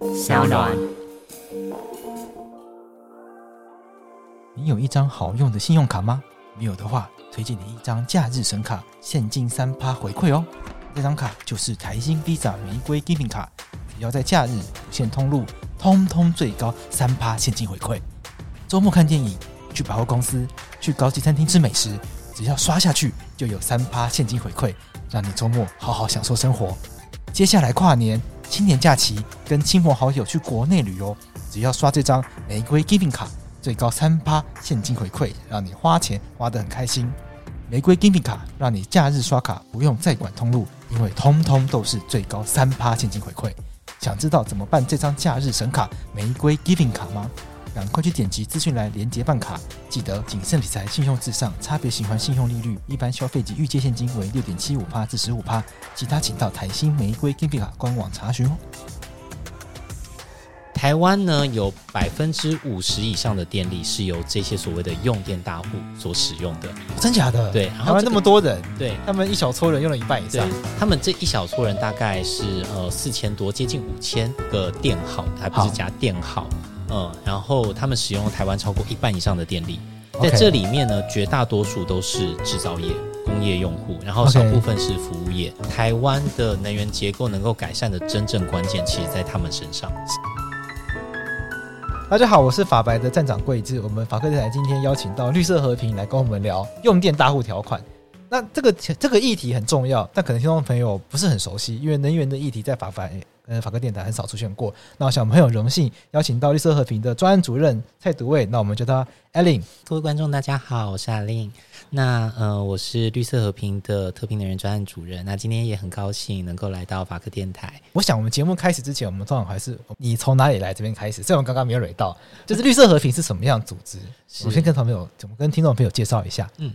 Sound On。你有一張好用的信用卡嗎？沒有的話，推薦你一張假日神卡，現金三趴回饋哦。這張卡就是台新 Visa 玫瑰 Giving 卡，只要在假日不限通路，通通最高三趴現金回饋。周末看電影、去百貨公司、去高級餐廳吃美食，只要刷下去就有三趴現金回饋，讓你周末好好享受生活。接下來跨年。青年假期跟親朋好友去國內旅遊，只要刷這張玫瑰 Giving 卡，最高三趴現金回饋，讓你花錢花得很開心。玫瑰 Giving 卡讓你假日刷卡不用再管通路，因為通通都是最高三趴現金回饋。想知道怎麼辦這張假日神卡玫瑰 Giving 卡嗎？快去點擊資訊來連接辦卡，記得謹慎理財，信用至上。差別循環信用利率，一般消費及預借現金為六點七五趴至十五趴，其他請到台新玫瑰 Giving 卡官網查詢哦。台灣呢，有百分之五十以上的電力是由這些所謂的用電大戶所使用的，哦、真假的？對、這個，台灣那麼多人，對他們一小撮人用了一半以上，他們這一小撮人大概是呃四千多，接近五千個電號，還不是加電號。嗯，然後他們使用台灣超過一半以上的電力，okay，在這裡面呢，絕大多數都是制造業、工業用戶，然後少部分是服務業。Okay，台灣的能源結構能夠改善的真正關鍵，其實在他們身上。大家好，我是法白的站長貴智，我們法客電台今天邀請到綠色和平來跟我們聊用電大戶條款。那這個這個議題很重要，但可能聽眾朋友不是很熟悉，因為能源的議題在法白，欸。呃，法客電台很少出現過。那我想我們很有榮幸邀請到綠色和平的專案主任蔡篤慰。那我們叫他 Allen。各位觀眾，大家好，我是 Allen。那呃，我是綠色和平的特聘人員專案主任。那今天也很高興能夠來到法客電台。我想我們節目開始之前，我們最好還是你從哪裡來這邊開始。雖然剛剛沒有錄到，就是綠色和平是什麼樣組織？我先跟朋友，怎麼跟聽眾朋友介紹一下？嗯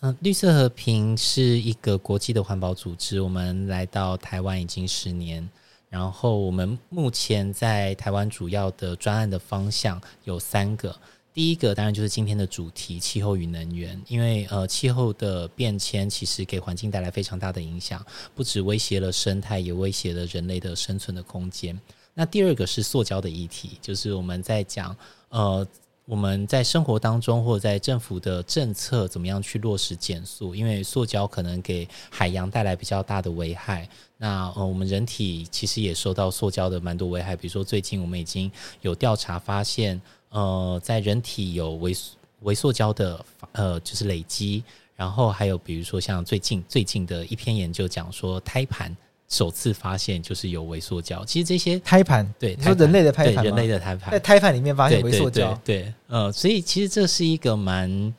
嗯、呃，綠色和平是一個國際的環保組織。我們來到台灣已經十年。然後我們目前在台灣主要的專案的方向有三個。第一個當然就是今天的主題——氣候與能源，因為呃，氣候的變遷其實給環境帶來非常大的影響，不止威脅了生態，也威脅了人類的生存的空間。那第二個是塑膠的議題，就是我們在講呃，我們在生活當中或者在政府的政策怎麼樣去落實減塑，因為塑膠可能給海洋帶來比較大的危害。那呃，我們人體其實也受到塑膠的蠻多危害。比如說，最近我們已經有調查發現，呃，在人體有微微塑膠的呃，就是累積。然後還有比如說，像最近最近的一篇研究講說，胎盤首次發現就是有微塑膠。其實這些胎盤，對，它是人類的胎盤，人類的胎盤，在胎盤裡面發現微塑膠，對，對，對，對，對，呃，所以其實這是一個蠻。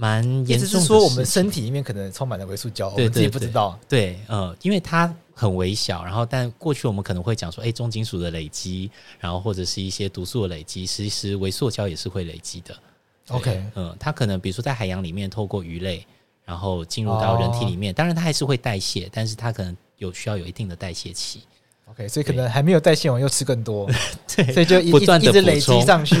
蠻嚴重，意思是說我們身體裡面可能充滿了微塑膠，對對對對，我們自己不知道。對，呃，因為它很微小，然後但過去我們可能會講說，哎、欸，重金屬的累積，然後或者是一些毒素的累積，其實微塑膠也是會累積的。OK，嗯、呃，它可能比如說在海洋裡面透過魚類，然後進入到人體裡面，oh. 當然它還是會代謝，但是它可能有需要有一定的代謝期。所、okay, 以、so、可能還沒有代謝完，又吃更多，對 所以就一一,一直累積上去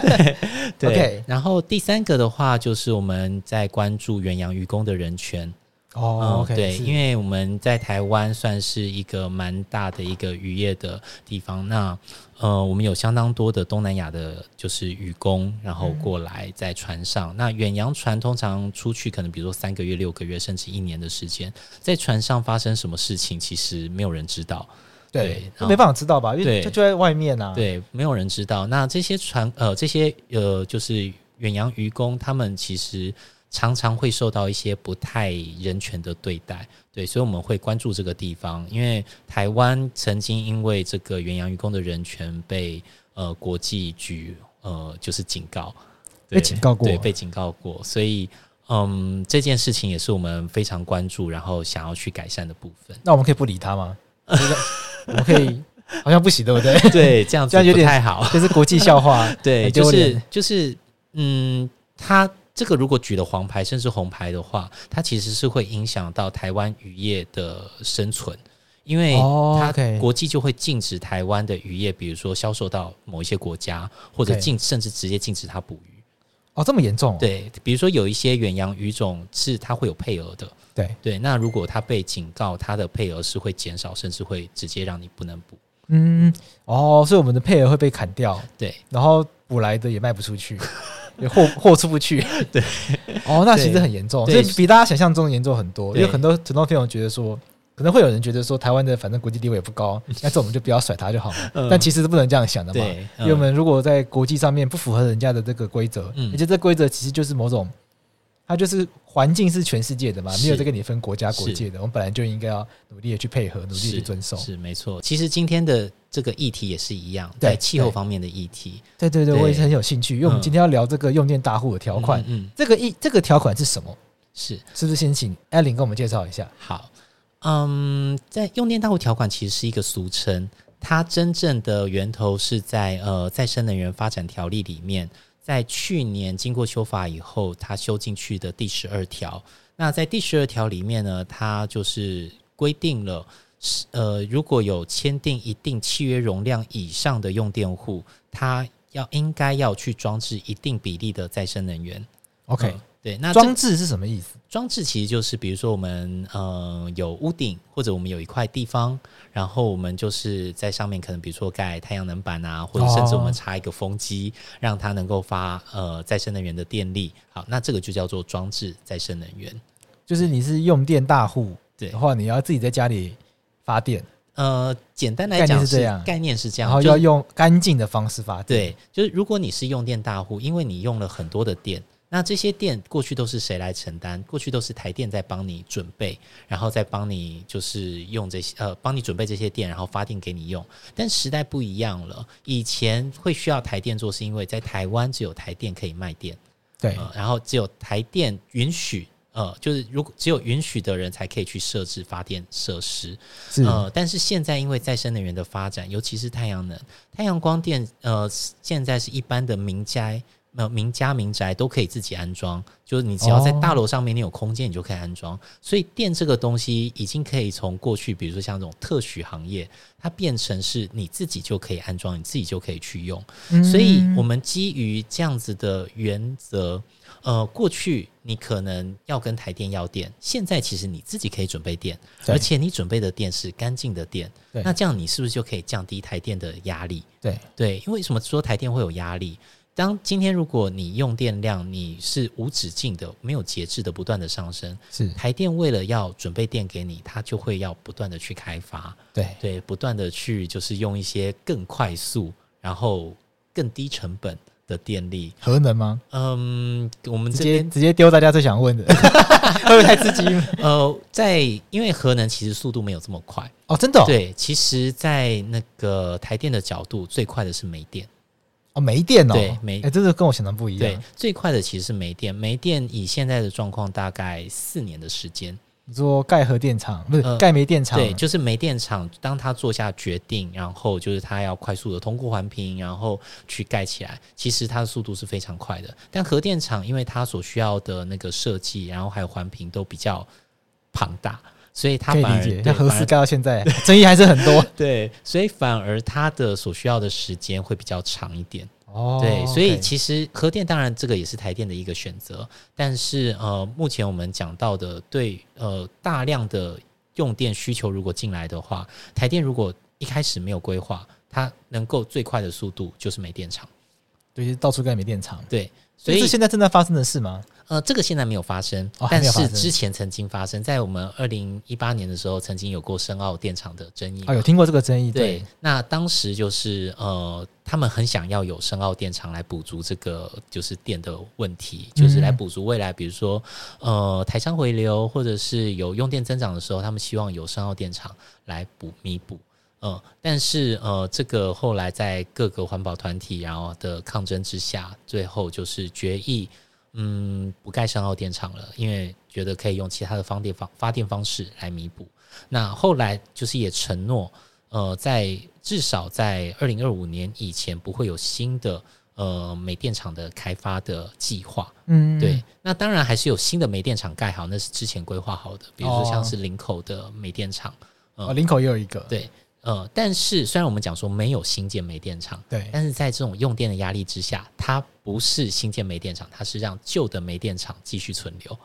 對。 對、okay，然後第三個的話，就是我們在關注遠洋漁工的人權。哦、oh, okay, 嗯、對，因為我們在台灣算是一個蠻大的一個漁業的地方。那呃，我們有相當多的東南亞的，就是漁工，然後過來在船上。嗯、那遠洋船通常出去，可能比如說三個月、六個月，甚至一年的時間，在船上發生什麼事情，其實沒有人知道。對沒辦法知道吧，嗯，因為就就在外面啊。對，沒有人知道。那這些船呃，這些呃，就是遠洋漁工，他們其實常常會受到一些不太人權的對待。對，所以我們會關注這個地方，因為台灣曾經因為這個遠洋漁工的人權被呃國際局呃就是警告，被警告過。對，對，被警告過。所以嗯，這件事情也是我們非常關注，然後想要去改善的部分。那我們可以不理他嗎？這個我們可以，好像不行，對不對？ 對，這樣子這樣有點不太好，這是國際笑話， 對，就是就是，嗯，它這個如果舉了黃牌甚至紅牌的話，它其實是會影響到台灣漁業的生存，因為它國際就會禁止台灣的漁業，比如說銷售到某一些國家，或者禁甚至直接禁止它捕魚。哦，這麼嚴重哦？對，比如說有一些遠洋魚種是它會有配額的，對對。那如果它被警告，它的配額是會減少，甚至會直接讓你不能補。嗯，哦，所以我們的配額會被砍掉，對。然後補來的也賣不出去，也貨 貨出不去。 對，哦，那其實很嚴重，所以比大家想象中嚴重很多。因為很多很多朋友覺得說。可能會有人覺得說，台灣的反正國際地位也不高，那這我們就不要甩它就好了。但其實是不能這樣想的嘛，因為我們如果在國際上面不符合人家的這個規則，而且這規則其實就是某種，它就是環境是全世界的嘛，沒有在跟你分國家國界的，我們本來就應該要努力的去配合，努力的去遵守。是沒錯。其實今天的這個議題也是一樣，在氣候方面的議題。對對對，我也是很有興趣，因為我們今天要聊這個用電大戶的條款。嗯，這個議這個條款是什麼？是是不是先請艾琳跟我們介紹一下？好。嗯、um，在用電大戶條款其實是一個俗稱，它真正的源頭是在呃再生能源發展條例裡面，在去年經過修法以後，它修進去的第十二條。那在第十二條裡面呢，它就是規定了是，呃，如果有簽訂一定契約容量以上的用電戶，它要應該要去裝置一定比例的再生能源。OK、呃。對，那裝置是什麼意思？裝置其實就是，比如說我們呃有屋頂，或者我們有一塊地方，然後我們就是在上面，可能比如說蓋太陽能板啊，或者甚至我們插一個風機，哦，讓它能夠發呃再生能源的電力。好，那這個就叫做裝置再生能源。就是你是用電大戶，對，或你要自己在家裡發電。呃，簡單來講是，是這樣，概念是這樣，然後要用乾淨的方式發電。對，就是如果你是用電大戶，因為你用了很多的電。那這些電過去都是誰來承擔？過去都是台電在幫你準備，然後再幫你就是用這些呃，幫你準備這些電，然後發電給你用。但時代不一樣了，以前會需要台電做，是因為在台灣只有台電可以賣電，對，呃，然後只有台電允許呃，就是如果只有允許的人才可以去設置發電設施，呃，但是現在因為再生能源的發展，尤其是太陽能、太陽光電，呃，現在是一般的民宅。沒有，民家民宅，都可以自己安裝，就是你只要在大樓上面你有空間，oh. 你就可以安裝。所以電這個東西已經可以從過去，比如說像這種特許行業，它變成是你自己就可以安裝，你自己就可以去用。Mm. 所以，我們基於這樣子的原則，呃，過去你可能要跟台電要電，現在其實你自己可以準備電，而且你準備的電是乾淨的電。那這樣你是不是就可以降低台電的壓力？對對，因為什麼說台電會有壓力？當今天如果你用電量你是無止境的、沒有節制的不斷的上升，是台電為了要準備電給你，它就會要不斷的去開發，對對，不斷的去就是用一些更快速、然後更低成本的電力。核能嗎？嗯、呃，我們這邊直接直接丟大家最想問的， 會不會太刺激？ 呃，在因為核能其實速度沒有這麼快哦，真的、哦、對，其實，在那個台電的角度，最快的是煤電。哦，煤電哦，對，煤、欸，哎，這是跟我想的不一樣。對，最快的其實是煤電，煤電以現在的狀況，大概四年的時間。你說蓋核電廠不是蓋、呃、煤電廠？對，就是煤電廠，當他做下決定，然後就是他要快速的通過環評，然後去蓋起來。其實它的速度是非常快的，但核電廠因為它所需要的那個設計，然後還有環評都比較龐大。所以他把那核四蓋到現在，爭議還是很多。對，所以反而它的所需要的時間會比較長一點。哦，對，所以其實核電當然這個也是台電的一個選擇，但是呃，目前我們講到的對呃大量的用電需求如果進來的話，台電如果一開始沒有規劃，它能夠最快的速度就是煤電廠，對，到處蓋煤電廠，對。所以這是現在正在發生的事嗎？呃，這個現在沒有、哦、沒有發生，但是之前曾經發生在我們二零一八年的時候，曾經有過深澳電廠的爭議。啊，有聽過這個爭議？對，對，那當時就是呃，他們很想要有深澳電廠來補足這個就是電的問題，就是來補足未來，比如說、嗯、呃，台商回流或者是有用電增長的時候，他們希望有深澳電廠來補彌補。彌補嗯、呃，但是呃，這個後來在各個環保團體然後的抗爭之下，最後就是決議，嗯，不蓋深澳電廠了，因為覺得可以用其他的發電方發電方式來彌補。那後來就是也承諾，呃，在至少在二零二五年以前不會有新的呃煤電廠的開發的計劃。嗯，對。那當然還是有新的煤電廠蓋好，那是之前規劃好的，比如說像是林口的煤電廠，哦、呃、哦，林口也有一個，對。呃，但是雖然我們講說沒有新建煤電廠，對，但是在這種用電的壓力之下，它不是新建煤電廠，它是讓舊的煤電廠繼續存留。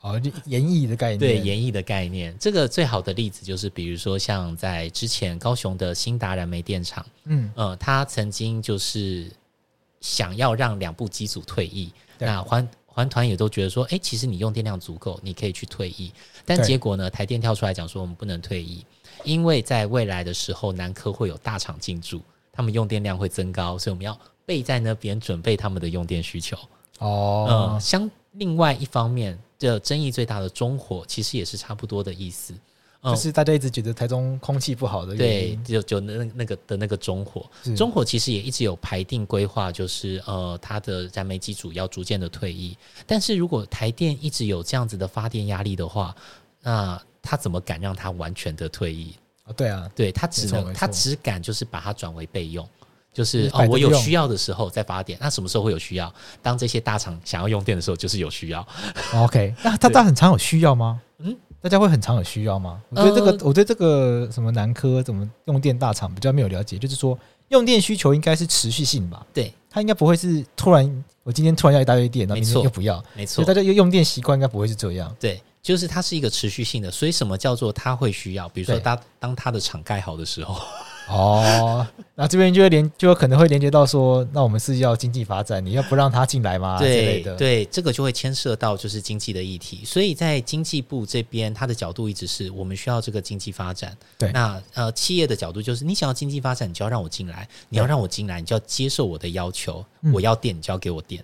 哦，就延役的概念。對，延役的概念。這個最好的例子就是，比如說像在之前高雄的新達燃煤電廠，嗯，呃，它曾經就是想要讓兩部機組退役，那環環團也都覺得說，哎、欸，其實你用電量足夠，你可以去退役。但結果呢，台電跳出來講說，我們不能退役。因為在未來的時候，南科會有大廠進駐，他們用電量會增高，所以我們要備在那邊準備他們的用電需求。哦，呃相，另外一方面，這爭議最大的中火，其實也是差不多的意思。呃、是就是大家一直覺得台中空氣不好的原因，對，就就那個、那個的那個中火，中火其實也一直有排定規劃，就是呃，它的燃煤機組要逐漸的退役。但是如果台電一直有這樣子的發電壓力的話，那、呃。他怎麼敢讓他完全的退役啊？對啊，對他只能他只敢就是把它轉為備用，就是，是哦，我有需要的時候再發電。那什麼時候會有需要？當這些大廠想要用電的時候，就是有需要。哦、OK，那他大家很常有需要嗎？嗯，大家會很常有需要嗎？我覺得這個、呃，我覺得這個什麼南科什麼用電大廠比較沒有了解，就是說用電需求應該是持續性吧？對，它應該不會是突然，我今天突然要一大堆電，然後明天又不要，沒錯，所以大家用用電習慣應該不會是這樣，對。就是它是一個持續性的，所以什麼叫做它會需要？比如說，當當它的廠蓋好的時候， 哦，那這邊就會連就有可能會連接到說，那我們是要經濟發展，你要不讓他進來嗎？對之類的，對，這個就會牽涉到就是經濟的議題。所以在經濟部這邊，它的角度一直是我們需要這個經濟發展。對，那呃，企業的角度就是你想要經濟發展，你就要讓我進來，你要讓我進來，你就要接受我的要求，我要電，你就要給我電。嗯、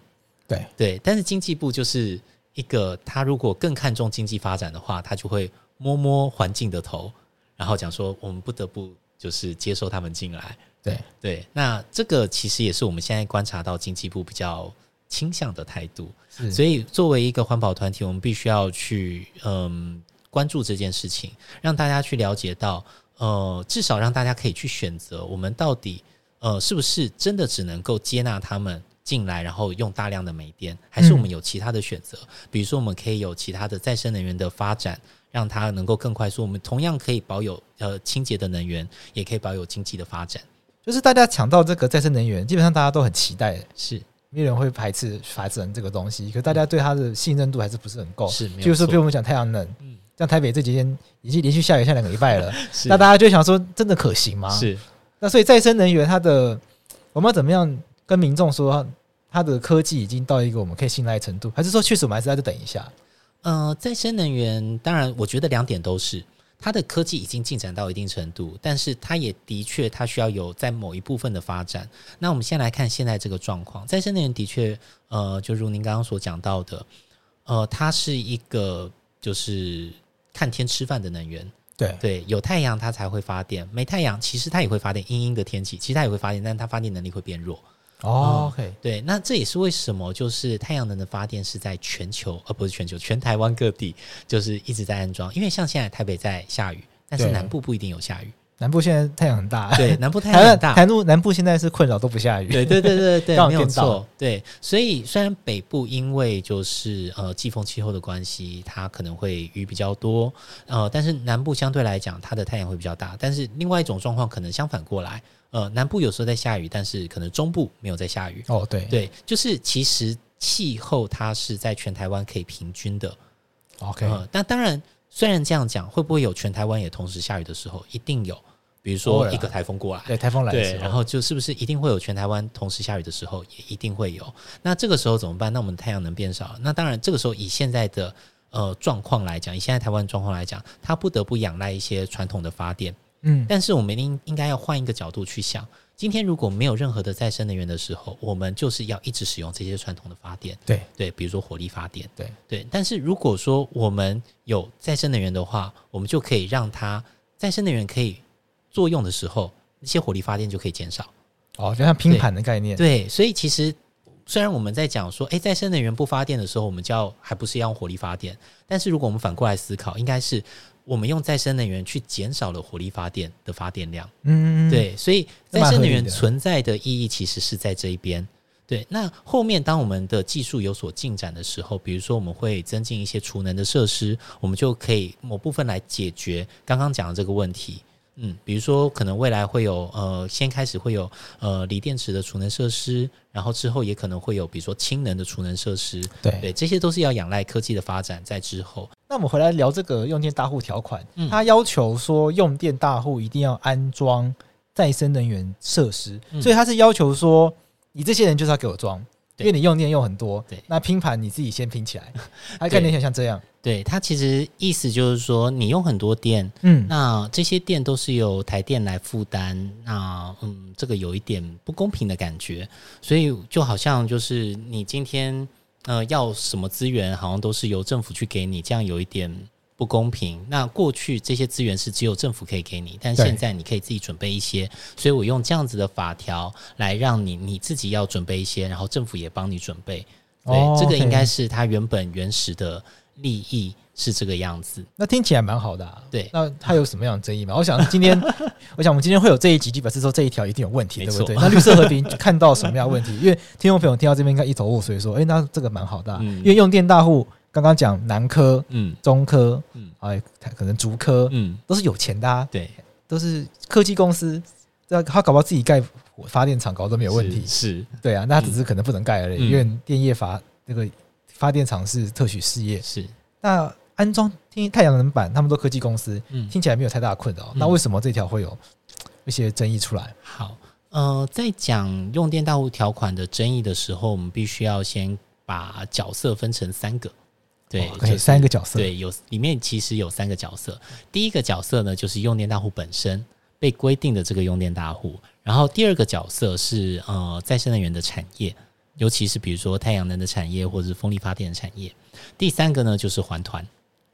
對對，但是經濟部就是一個，他如果更看重經濟發展的話，他就會摸摸環境的頭，然後講說：“我們不得不就是接受他們進來。對”對對，那這個其實也是我們現在觀察到經濟部比較傾向的態度。所以，作為一個環保團體，我們必須要去嗯關注這件事情，讓大家去了解到，呃，至少讓大家可以去選擇，我們到底呃是不是真的只能夠接納他們。進來，然後用大量的煤電，還是我們有其他的選擇、嗯？比如說，我們可以有其他的再生能源的發展，讓它能夠更快速。我們同樣可以保有呃清潔的能源，也可以保有經濟的發展。就是大家搶到這個再生能源，基本上大家都很期待，是沒有人會排斥發展這個東西。可是大家對它的信任度還是不是很夠，是、嗯、就是說、嗯、比如我們講太陽能，嗯，像台北這幾天已經連續下雨下兩個禮拜了 是，那大家就想說，真的可行嗎？是，那所以再生能源它的我們要怎麼樣？跟民眾說，他的科技已經到一個我們可以信賴程度，還是說確實我們還是在這等一下？呃，再生能源當然，我覺得兩點都是，它的科技已經進展到一定程度，但是它也的確它需要有在某一部分的發展。那我們先來看現在這個狀況，再生能源的確，呃，就如您剛剛所講到的，呃，它是一個就是看天吃飯的能源。對對，有太陽它才會發電，沒太陽其實它也會發電，陰陰的天氣其實它也會發電，但是它發電能力會變弱。哦、oh, o、okay. 嗯、對，那這也是為什麼就是太陽能的發電是在全球，而不是全球全台灣各地，就是一直在安裝。因為像現在台北在下雨，但是南部不一定有下雨。南部現在太陽很大，對，南部太陽很大。台陸南部現在是困擾都不下雨，對對對對對， 沒有錯。對，所以雖然北部因為就是呃季風氣候的關係，它可能會雨比較多，呃，但是南部相對來講，它的太陽會比較大。但是另外一種狀況，可能相反過來。呃，南部有時候在下雨，但是可能中部沒有在下雨。哦，oh，對，對，就是其實氣候它是在全台灣可以平均的。OK，呃，那當然，雖然這樣講，會不會有全台灣也同時下雨的時候？一定有，比如說一個台風過來，oh, yeah. 對，台風來的時候，對，然後就是不是一定會有全台灣同時下雨的時候，也一定會有。那這個時候怎麼辦？那我們太陽能變少，那當然這個時候以現在的呃狀況來講，以現在台灣狀況來講，它不得不仰賴一些傳統的發電。嗯，但是我們應應該要換一個角度去想，今天如果沒有任何的再生能源的時候，我們就是要一直使用這些傳統的發電。對對，比如說火力發電。對對，但是如果說我們有再生能源的話，我們就可以讓它再生能源可以作用的時候，那些火力發電就可以減少。哦，就像拼盤的概念。對，對，所以其實雖然我們在講說，哎、欸，再生能源不發電的時候，我們就要還不是要用火力發電，但是如果我們反過來思考，應該是。我們用再生能源去減少了火力發電的發電量，嗯，對，所以再生能源存在的意義其實是在這一邊，對。那後面當我們的技術有所進展的時候，比如說我們會增進一些儲能的設施，我們就可以某部分來解決剛剛講的這個問題。嗯，比如說，可能未來會有呃，先開始會有呃，鋰電池的儲能設施，然後之後也可能會有，比如說氫能的儲能設施，對對，這些都是要仰賴科技的發展在之後。那我們回來聊這個用電大戶條款，他、嗯、要求說用電大戶一定要安裝再生能源設施，嗯，所以他是要求說，你這些人就是要給我裝。因為你用電用很多，對，那拼盤你自己先拼起來，概念想像這樣。對，他其實意思就是說，你用很多電，嗯，那這些電都是由台電來負擔，那嗯，這個有一點不公平的感覺，所以就好像就是你今天呃要什麼資源，好像都是由政府去給你，這樣有一點。不公平。那過去這些資源是只有政府可以給你，但現在你可以自己準備一些。所以我用這樣子的法條來讓你你自己要準備一些，然後政府也幫你準備。對，哦、這個應該是他原本原始的利益是這個樣子。哦 okay、那聽起來蠻好的、啊，對。那他有什麼樣的爭議嗎？我想今天， 我想我們今天會有這一集，基本是說這一條一定有問題，對不對？那綠色和平看到什麼樣的問題？ 因為聽眾朋友聽到這邊應該一頭霧水，所以說：“誒、欸，那這個蠻好的、啊嗯，因為用電大戶。”剛剛講南科，嗯，中科，嗯，哎、嗯啊，可能竹科，嗯，都是有錢的、啊，對，都是科技公司，他搞不好自己蓋發電廠搞都沒有問題，是,是對啊，那只是可能不能蓋而已、嗯，因為電業發那、這個發電廠是特許事業，是、嗯、那安裝聽太陽能板，他們都科技公司，嗯，聽起來沒有太大困擾、嗯，那為什麼這條會有一些爭議出來？好，呃，在講用電大戶條款的爭議的時候，我們必須要先把角色分成三個。對，有、okay, 就是、三個角色。對，有裡面其實有三個角色。第一個角色呢，就是用電大戶本身被規定的這個用電大戶。然後第二個角色是呃，再生能源的產業，尤其是比如說太陽能的產業，或者是風力發電的產業。第三個呢，就是環團。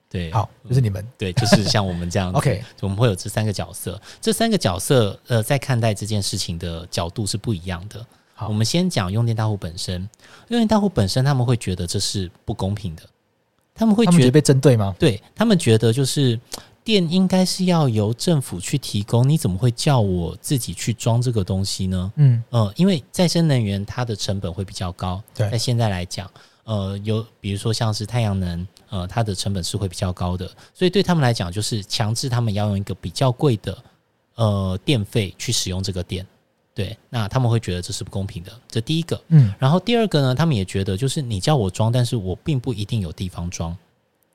對，好，就、呃、是你們，對，就是像我們這樣。 OK，我們會有這三個角色。這三個角色呃，在看待這件事情的角度是不一樣的。好，我們先講用電大戶本身。用電大戶本身，他們會覺得這是不公平的。他們會覺得被針對嗎？對，他們覺得就是電應該是要由政府去提供，你怎麼會叫我自己去裝這個東西呢？嗯呃，因為再生能源它的成本會比較高。對，但現在來講，呃，有比如說像是太陽能，呃，它的成本是會比較高的，所以對他們來講，就是強制他們要用一個比較貴的呃電費去使用這個電。對，那他們會覺得這是不公平的，這第一個。嗯，然後第二個呢，他們也覺得就是你叫我裝，但是我並不一定有地方裝。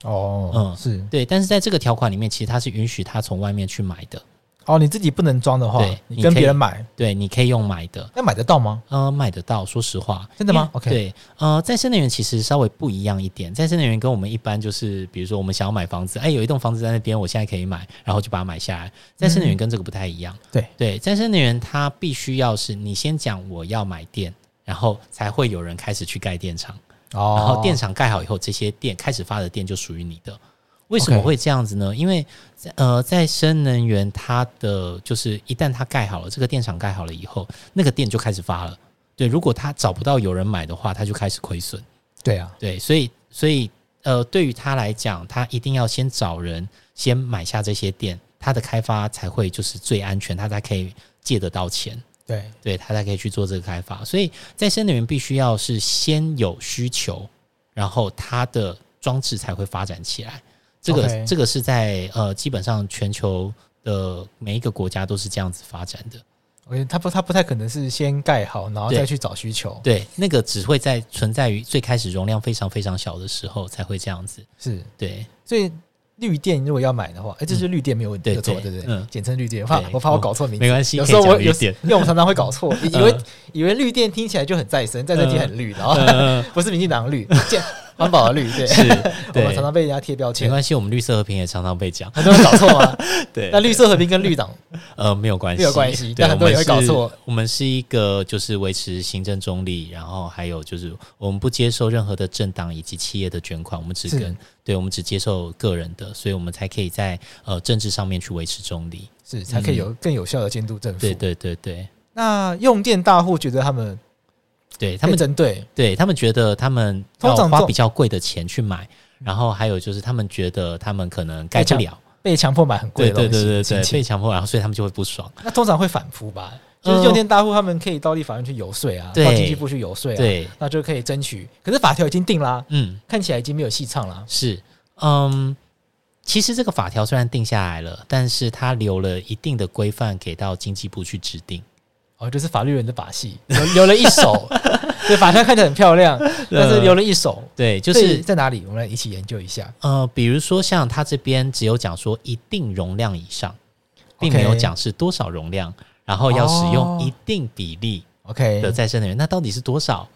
哦，嗯，是對，但是在這個條款裡面，其實他是允許他從外面去買的。哦，你自己不能裝的話，對，你，你跟別人買，對，你可以用買的，那、啊、買得到嗎？呃，買得到，說實話，真的嗎？OK，對，呃，再生能源其實稍微不一樣一點，再生能源跟我們一般就是，比如說我們想要買房子，哎、欸，有一棟房子在那邊，我現在可以買，然後就把它買下來。再生能源跟這個不太一樣，嗯、對對，再生能源它必須要是你先講我要買電，然後才會有人開始去蓋電廠、哦，然後電廠蓋好以後，這些電開始發的電就屬於你的。為什麼會這樣子呢？Okay。因為呃，再生能源，它的就是一旦它蓋好了，這個電廠蓋好了以後，那個電就開始發了。對，如果他找不到有人買的話，他就開始虧損。對啊，對，所以所以呃，對於他來講，他一定要先找人先買下這些電，他的開發才會就是最安全，他才可以借得到錢。對，對他才可以去做這個開發。所以再生能源，必須要是先有需求，然後它的裝置才會發展起來。這個 okay, 這個是在呃，基本上全球的每一個國家都是這樣子發展的。OK，他不它不太可能是先蓋好，然後再去找需求對。對，那個只會在存在於最開始容量非常非常小的時候才會這樣子。是對，所以綠電如果要買的話，哎，這是綠電沒有問題、嗯。對對對，嗯，簡稱綠電。我怕我怕我搞錯名字、嗯，沒關係。有時候我有,我有點，因為我常常會搞錯， 以為 以為綠電聽起來就很再生，再生機很綠，嗯、然後,、嗯然後嗯嗯、 不是民進黨綠。 環保的綠，對是，對，我們常常被人家貼標籤，沒關係，我們綠色和平也常常被講，很多人搞錯嗎？ 對，那綠色和平跟綠黨，呃，沒有關係，沒有關係，對但很多人也會搞錯。我們是一個就是維持行政中立，然後還有就是我們不接受任何的政黨以及企業的捐款，我們只跟，對，我們只接受個人的，所以我們才可以在呃政治上面去維持中立，是，才可以有更有效的監督政府。嗯，對對對對。那用電大戶覺得他們。對他們針對，對他們覺得他們通常花比較貴的錢去買，然後還有就是他們覺得他們可能蓋不了，被強迫買很貴的對對，對，對，被強迫買，然後所以他們就會不爽。那通常會反撲吧？就是用電大戶，他們可以到立法院去遊說啊，嗯、到經濟部去遊說、啊，對，那就可以爭取。可是法條已經定了、啊，嗯，看起來已經沒有戲唱了。是，嗯，其實這個法條雖然定下來了，但是它留了一定的規範給到經濟部去制定。哦，就是法律人的把戲，留了一手， 對，把它看得很漂亮， 但是留了一手，對，就是在哪裡？我們來一起研究一下。呃，比如說像他這邊只有講說一定容量以上，okay。並沒有講是多少容量，然後要使用一定比例 OK 的再生能源，oh. okay。那到底是多少？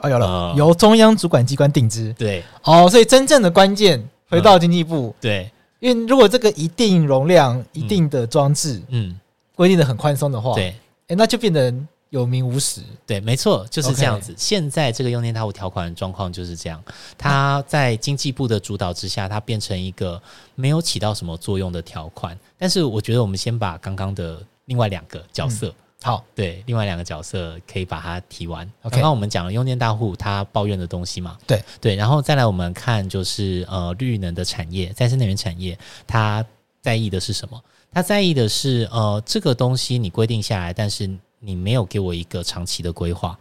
哦，有了，呃、由中央主管機關定之。對，哦，所以真正的關鍵回到經濟部、呃。對，因為如果這個一定容量、一定的裝置，嗯，規、嗯、定的很寬鬆的話，對。哎、欸，那就變得有名無實。對，沒錯，就是這樣子、okay。現在這個用電大戶條款的狀況就是這樣，它在經濟部的主導之下，它變成一個沒有起到什麼作用的條款。但是，我覺得我們先把剛剛的另外兩個角色、嗯，好，對，另外兩個角色可以把它提完。剛、okay、剛我們講了用電大戶他抱怨的東西嘛？對對，然後再來我們看就是呃，綠能的產業，再生能源產業，他在意的是什麼？他在意的是，呃，這個東西你規定下來，但是你沒有給我一個長期的規劃，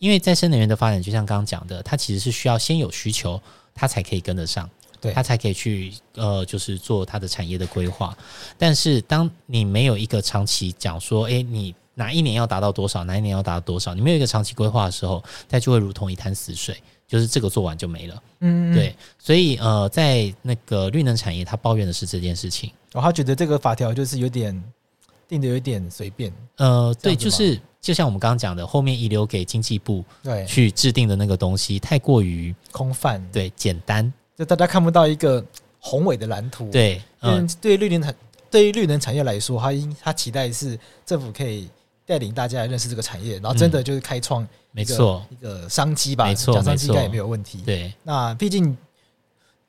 因為再生能源的發展，就像剛剛講的，它其實是需要先有需求，它才可以跟得上，對，它才可以去，呃，就是做它的產業的規劃。但是當你沒有一個長期講說，誒，你哪一年要達到多少，哪一年要達到多少，你沒有一個長期規劃的時候，它就會如同一潭死水。就是這個做完就沒了，嗯，嗯，對，所以呃，在那個綠能產業，他抱怨的是這件事情，然、哦、後他覺得這個法條就是有點定得有點隨便，呃，對，就是就像我們剛剛講的，後面遺留給經濟部對去制定的那個東西太過於空泛，對，簡單，就大家看不到一個宏偉的藍圖，對，呃、因為對綠能產，對於綠能產業來說，他應他期待是政府可以。帶領大家來認識這個產業，然後真的就是開創一個、嗯、一個商機吧，講商機應該也沒有問題。對，那畢竟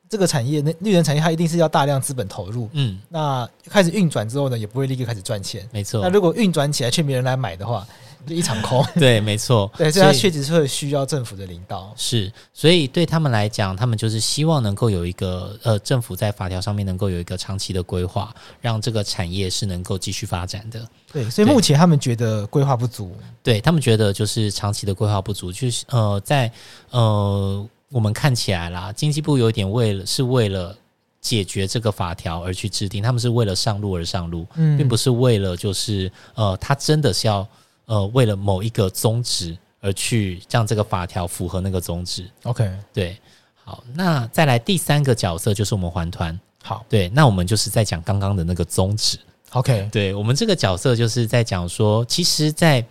這個產業、那綠能產業，它一定是要大量資本投入。嗯，那開始運轉之後呢，也不會立刻開始賺錢。沒錯，那如果運轉起來，卻沒人來買的話。一場空 對，對，沒錯，對，這它確實是會需要政府的領導。是，所以對他們來講，他們就是希望能夠有一個呃，政府在法條上面能夠有一個長期的規劃，讓這個產業是能夠繼續發展的。對，所以目前他們覺得規劃不足，對，對他們覺得就是長期的規劃不足，就是呃，在呃，我們看起來啦，經濟部有點為了是為了解決這個法條而去制定，他們是為了上路而上路，嗯、並不是為了就是呃，他真的是要。呃，為了某一個宗旨而去讓這個法條符合那個宗旨。OK，對，好，那再來第三個角色就是我們環團。好，對，那我們就是在講剛剛的那個宗旨。OK，對我們這個角色就是在講說，其實在、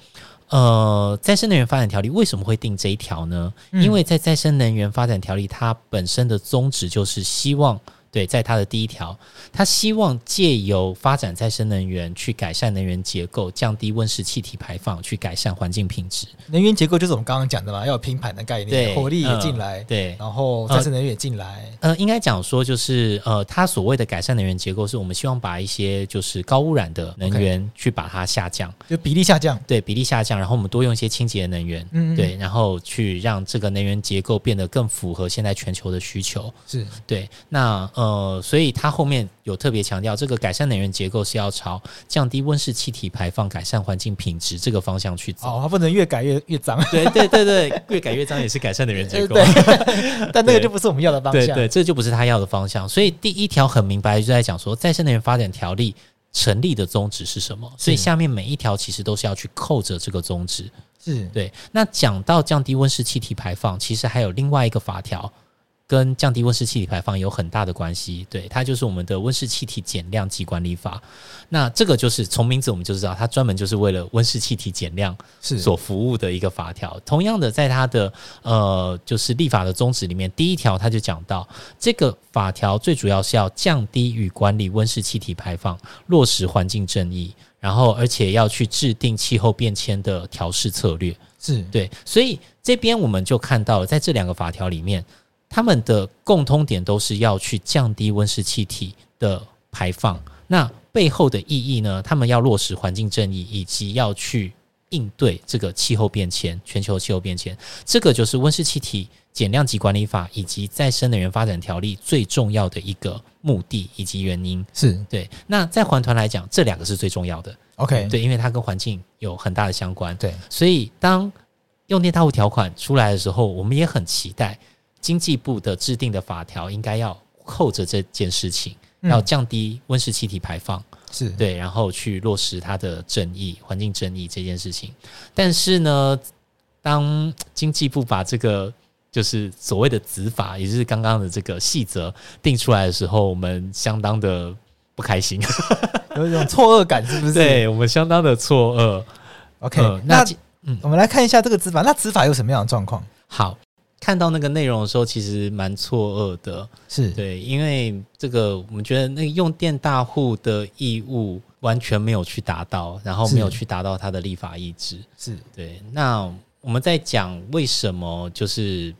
呃，在呃，再生能源發展條例為什麼會定這一條呢、嗯？因為在再生能源發展條例它本身的宗旨就是希望。對，在他的第一條，他希望借由發展再生能源，去改善能源結構，降低溫室氣體排放，去改善環境品質。能源結構就是我們剛剛講的嘛，要有拼盤的概念，火力也進來對、呃，對，然後再生能源也進來。呃，呃應該講說就是，呃，他所謂的改善能源結構，是我們希望把一些就是高污染的能源去把它下降，okay. 就比例下降，對，比例下降，然後我們多用一些清潔的能源，嗯，嗯，嗯，對，然後去讓這個能源結構變得更符合現在全球的需求。是對，那。呃呃，所以他後面有特別強調，這個改善能源結構是要朝降低溫室氣體排放、改善環境品質這個方向去走。哦，它不能越改越越髒。對對對對，越改越髒也是改善能源結構。對對對 但那個就不是我們要的方向。對對，對，對，方向對，對對，這就不是他要的方向。所以第一條很明白就在講說，再生能源發展條例成立的宗旨是什麼。所以下面每一條其實都是要去扣着這個宗旨。是對。那講到降低溫室氣體排放，其實還有另外一個法條。跟降低溫室氣體排放有很大的關係，對，它就是我們的溫室氣體減量及管理法。那這個就是從名字我們就知道，它專門就是為了溫室氣體減量所服務的一個法條。同樣的，在它的呃就是立法的宗旨裡面，第一條它就講到這個法條最主要是要降低與管理溫室氣體排放，落實環境正義，然後而且要去制定氣候變遷的調適策略。是對，所以這邊我們就看到了，在這兩個法條裡面。他們的共通點都是要去降低溫室氣體的排放，那背後的意義呢？他們要落實環境正義，以及要去應對這個氣候變遷、全球氣候變遷。這個就是溫室氣體減量及管理法以及再生能源發展條例最重要的一個目的以及原因。是對。那在環團來講，這兩個是最重要的。OK，對，因為它跟環境有很大的相關。對，所以當用電大戶條款出來的時候，我們也很期待。經濟部的制定的法條應該要扣着這件事情，嗯、要降低溫室氣體排放是對，然後去落實它的正義、環境正義這件事情。但是呢，當經濟部把這個就是所謂的執法，也就是剛剛的這個細則定出來的時候，我們相當的不開心，有一種錯愕感，是不是？對，我們相當的錯愕。OK，、呃、那,那、嗯、我們來看一下這個執法，那執法有什麼樣的狀況？好。看到那個內容的時候，其實蠻錯愕的，是。對，因為這個我們覺得那個用電大戶的義務完全沒有去達到，然後沒有去達到他的立法意志，是。對。那我們在講為什麼就是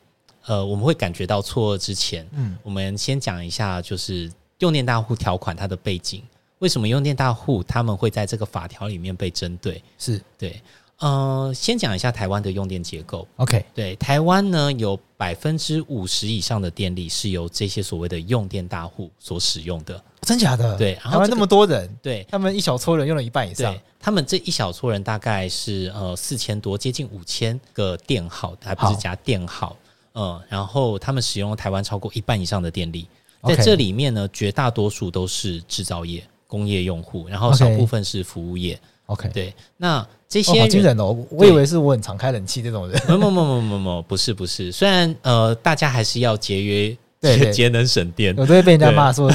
呃，我們會感覺到錯愕之前，嗯，我們先講一下就是用電大戶條款它的背景，為什麼用電大戶他們會在這個法條裡面被針對，是。對。呃，先講一下台灣的用電結構。OK，對，台灣呢有百分之五十以上的電力是由這些所謂的用電大戶所使用的。哦。真假的？對，然後台灣，這個，那麼多人，對，對，他們一小撮人用了一半以上。對，他們這一小撮人大概是呃四千多，接近五千個電號，還不是加電號。嗯、呃，然後他們使用台灣超過一半以上的電力，okay，在這裡面呢，絕大多數都是制造業、工業用戶，然後少部分是服務業。Okay OK，對，那這些、哦哦、我以為是我很常開冷氣這種人，不不不不不是不是。雖然呃，大家還是要節約、節節能省電，我都會被人家罵說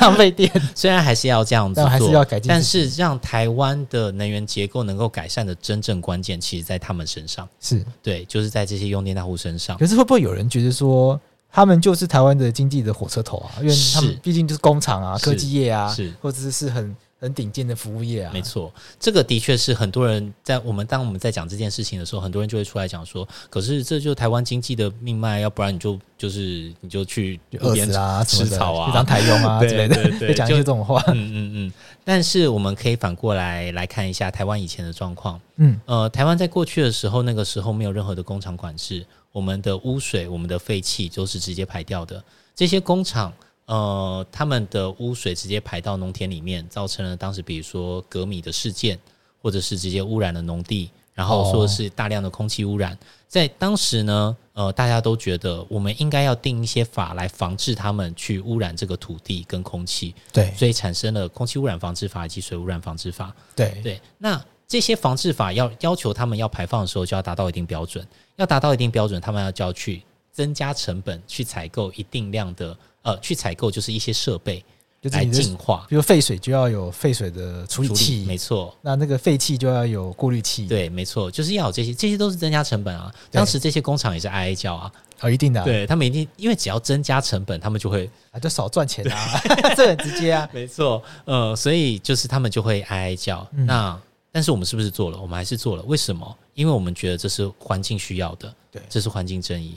浪費電。雖然還是要這樣子還是要改進，但是讓台灣的能源結構能夠改善的真正關鍵，其實在他們身上。是，對，就是在這些用電大戶身上。可是會不會有人覺得說，他們就是台灣的經濟的火車頭啊？因為他們畢竟就是工廠啊、科技業啊，是是或者是很。很頂尖的服務業啊，沒錯，這個的確是很多人在我們當我們在講這件事情的時候，很多人就會出來講說，可是這就是台灣經濟的命脈，要不然你就就是你就去餓死啊，吃草啊，當台傭啊之類的，就講一些這種話。嗯嗯嗯，但是我們可以反過來來看一下台灣以前的狀況。嗯，呃，台灣在過去的時候，那個時候沒有任何的工廠管制，我們的污水、我們的廢氣都是直接排掉的，這些工廠。呃，他們的污水直接排到農田裡面，造成了當時比如說鎘米的事件，或者是直接污染了農地，然後說是大量的空氣污染。Oh. 在當時呢，呃，大家都覺得我們應該要定一些法來防治他們去污染這個土地跟空氣。對，所以產生了空氣污染防治法以及水污染防治法。對對，那這些防治法要要求他們要排放的時候就要達到一定標準，要達到一定標準，他們要就要去增加成本去採購一定量的。呃，去採購就是一些設備來，來淨化，比如廢水就要有廢水的處理器，理沒錯。那那個廢氣就要有過濾器，對，沒錯，就是要有這些，這些都是增加成本啊。當時這些工廠也是哀哀叫啊，啊、哦，一定的、啊，對他們一定，因為只要增加成本，他們就會啊，就少賺錢啊，這很 直接啊，沒錯。呃，所以就是他們就會哀哀叫。嗯、那但是我們是不是做了？我們還是做了，為什麼？因為我們覺得這是環境需要的，對，這是環境正義。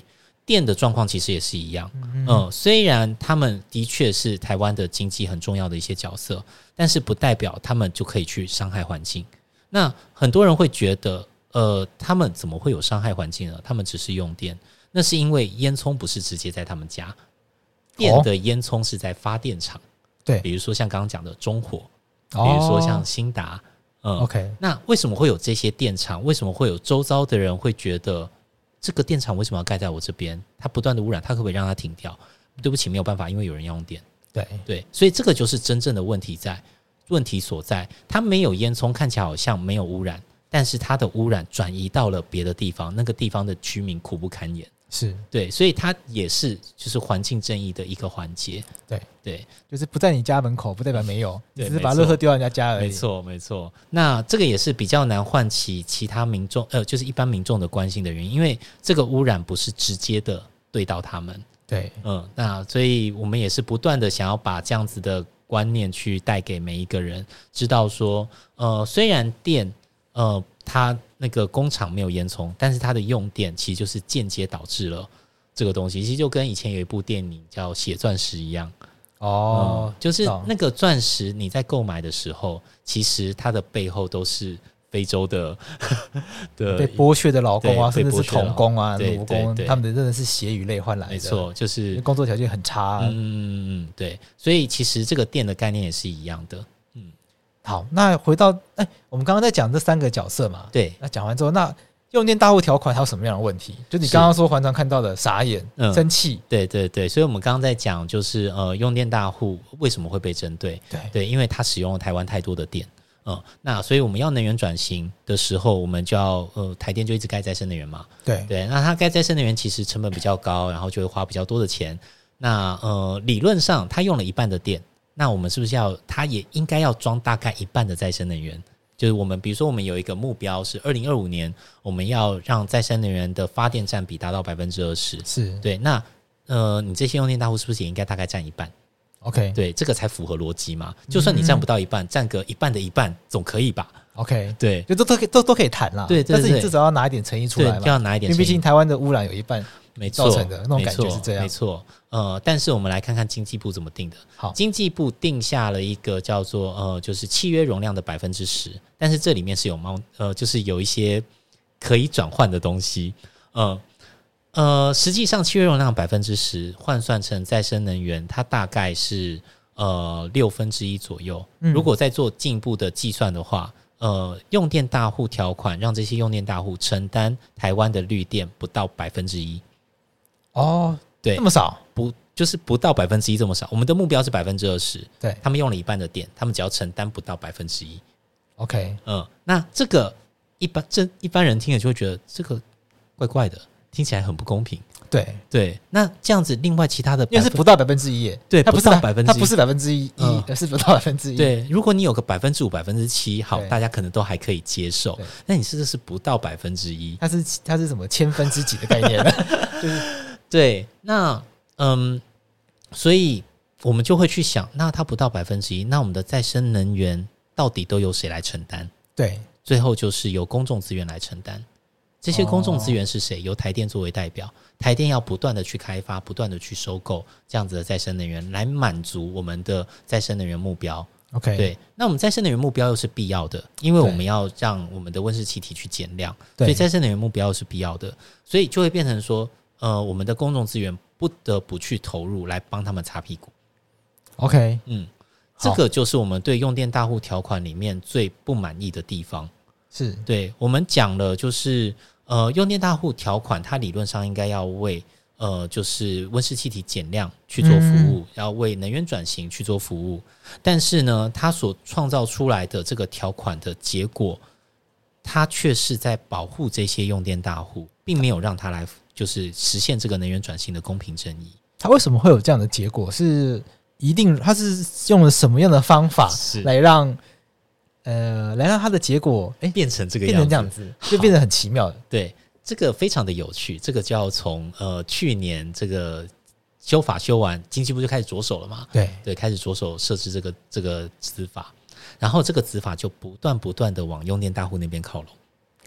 電的狀況其實也是一樣，嗯，雖然他們的確是台灣的經濟很重要的一些角色，但是不代表他們就可以去傷害環境。那很多人會覺得，呃，他們怎麼會有傷害環境呢？他們只是用電，那是因為煙囪不是直接在他們家，電的煙囪是在發電廠。對，比如說像剛剛講的中火，比如說像興達，嗯，OK，那為什麼會有這些電廠？為什麼會有周遭的人會覺得？這個電廠為什麼要蓋在我這邊？它不斷的污染，它可不可以讓它停掉？對不起，沒有辦法，因為有人要用電。對對，所以這個就是真正的問題在，問題所在。它沒有煙囪，看起來好像沒有污染，但是它的污染轉移到了別的地方，那個地方的居民苦不堪言。是對，所以它也是就是環境正義的一個環節。對對，就是不在你家門口，不代表沒有，只是把樂呵丟到人家家而已。沒錯沒錯。那這個也是比較難喚起其他民眾，呃，就是一般民眾的關心的原因，因為這個污染，不是直接的對到他們。對，嗯、呃，那所以我們也是不斷的想要把這樣子的觀念去帶給每一個人，知道說，呃，雖然電，呃。它那個工廠沒有煙囪，但是它的用電其實就是間接導致了這個東西。其實就跟以前有一部電影叫《血鑽石》一樣，哦，嗯、就是那個鑽石你在購買的時候，其實它的背後都是非洲的，對被剝削的勞工啊，對，甚至是童工啊、奴工，對對對，他們的真的是血與淚換來的。沒錯，就是工作條件很差，啊。嗯嗯嗯，對。所以其實這個電的概念也是一樣的。好，那回到哎、欸，我們剛剛在講這三個角色嘛。對。那講完之後，那用電大戶條款還有什麼樣的問題？就你剛剛說，環長看到的傻眼，嗯，生氣。對對對，所以我們剛剛在講，就是呃，用電大戶為什麼會被針對？對對，因為他使用了台灣太多的電，嗯、呃，那所以我們要能源轉型的時候，我們就要呃，台電就一直蓋再生能源嘛。對對，那他蓋再生能源其實成本比較高，然後就會花比較多的錢。那呃，理論上他用了一半的電。那我們是不是要，它也應該要裝大概一半的再生能源？就是我們，比如說我們有一個目標是二零二五年，我們要讓再生能源的發電占比達到百分之二十，是對。那呃，你這些用電大戶是不是也應該大概占一半？OK，對，這個才符合邏輯嘛。就算你占不到一半，占、嗯嗯、個一半的一半總可以吧？OK，對，就都都都都可以談啦對，對，對，但是你至少要拿一點誠意出來，就要拿一點成意，因為畢竟台灣的污染有一半。沒錯，沒錯，沒錯，呃，但是我們來看看經濟部怎麼定的。好，經濟部定下了一個叫做呃，就是契約容量的百分之十，但是這裡面是有貓呃，就是有一些可以轉換的東西。呃，呃實際上契約容量百分之十換算成再生能源，它大概是呃六分之一左右。嗯。如果再做進一步的計算的話，呃，用電大戶條款讓這些用電大戶承擔台灣的綠電不到百分之一。哦、oh,，對，這麼少？不，就是不到百分之一這麼少，我們的目標是百分之二十。對，他們用了一半的電，他們只要承擔不到百分之一。OK，嗯，那這個一般這一般人聽了就會覺得這個怪怪的，聽起來很不公平。對對，那這樣子，另外其他的因為是不到百分之一耶，對，他不到百分，它不是百分之一，嗯，是不到百分之一。對，如果你有個百分之五、百分之七，好，大家可能都還可以接受。那你是不是不到百分之一，它是它是什麼千分之幾的概念呢？ 就是。對，那嗯，所以我們就會去想，那它不到百分之一，那我們的再生能源到底都由誰來承擔？對，最後就是由公眾資源來承擔。這些公眾資源是誰哦？由台電作為代表，台電要不斷的去開發，不斷的去收購這樣子的再生能源，來滿足我們的再生能源目標。OK，對，那我們再生能源目標又是必要的，因為我們要讓我們的溫室氣體去減量，對，所以再生能源目標又是必要的，所以就會變成說。呃，我們的公眾資源不得不去投入，來幫他們擦屁股。OK，嗯，這個就是我們對用電大戶條款裡面最不滿意的地方。是對，我們講了，就是呃，用電大戶條款，它理論上應該要為呃，就是溫室氣體減量去做服務，嗯，要為能源轉型去做服務。但是呢，它所創造出來的這個條款的結果，它卻是在保護這些用電大戶，並沒有讓它來。就是實現這個能源轉型的公平正義，它為什麼會有這樣的結果？是一定，它是用了什麼樣的方法來讓呃，來讓它的結果誒、欸，變成這個樣子，變成這樣子，就變成很奇妙的。對，這個非常的有趣。這個就要從呃去年這個修法修完，經濟部就開始着手了嘛。對，對，開始着手設置這個這個子法，然後這個子法就不斷不斷的往用電大戶那邊靠攏。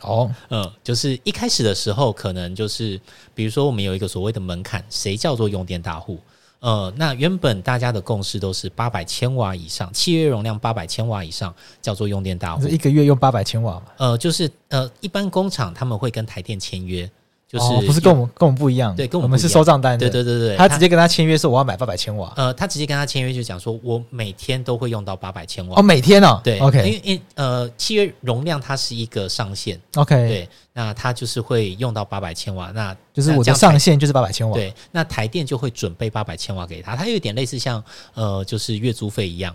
哦，嗯，就是一開始的時候，可能就是比如說我們有一個所謂的門檻，誰叫做用電大戶？呃，那原本大家的共識都是八百千瓦以上，契約容量八百千瓦以上叫做用電大戶。一個月用八百千瓦嗎？呃，就是呃，一般工廠他們會跟台電簽約。就是、哦、不是跟我們跟我們不一樣？對，跟我，我們是收賬單的。對，對對對對，他直接跟他簽約說我要買八百千瓦。呃，他直接跟他簽約就講說，我每天都會用到八百千瓦。哦，每天哦。對，OK，因為因呃，契約容量它是一個上限。OK，對，那他就是會用到八百千瓦，那就是我的上限就是八百千,千瓦。對，那台電就會準備八百千瓦給他，它有點類似像呃，就是月租費一樣。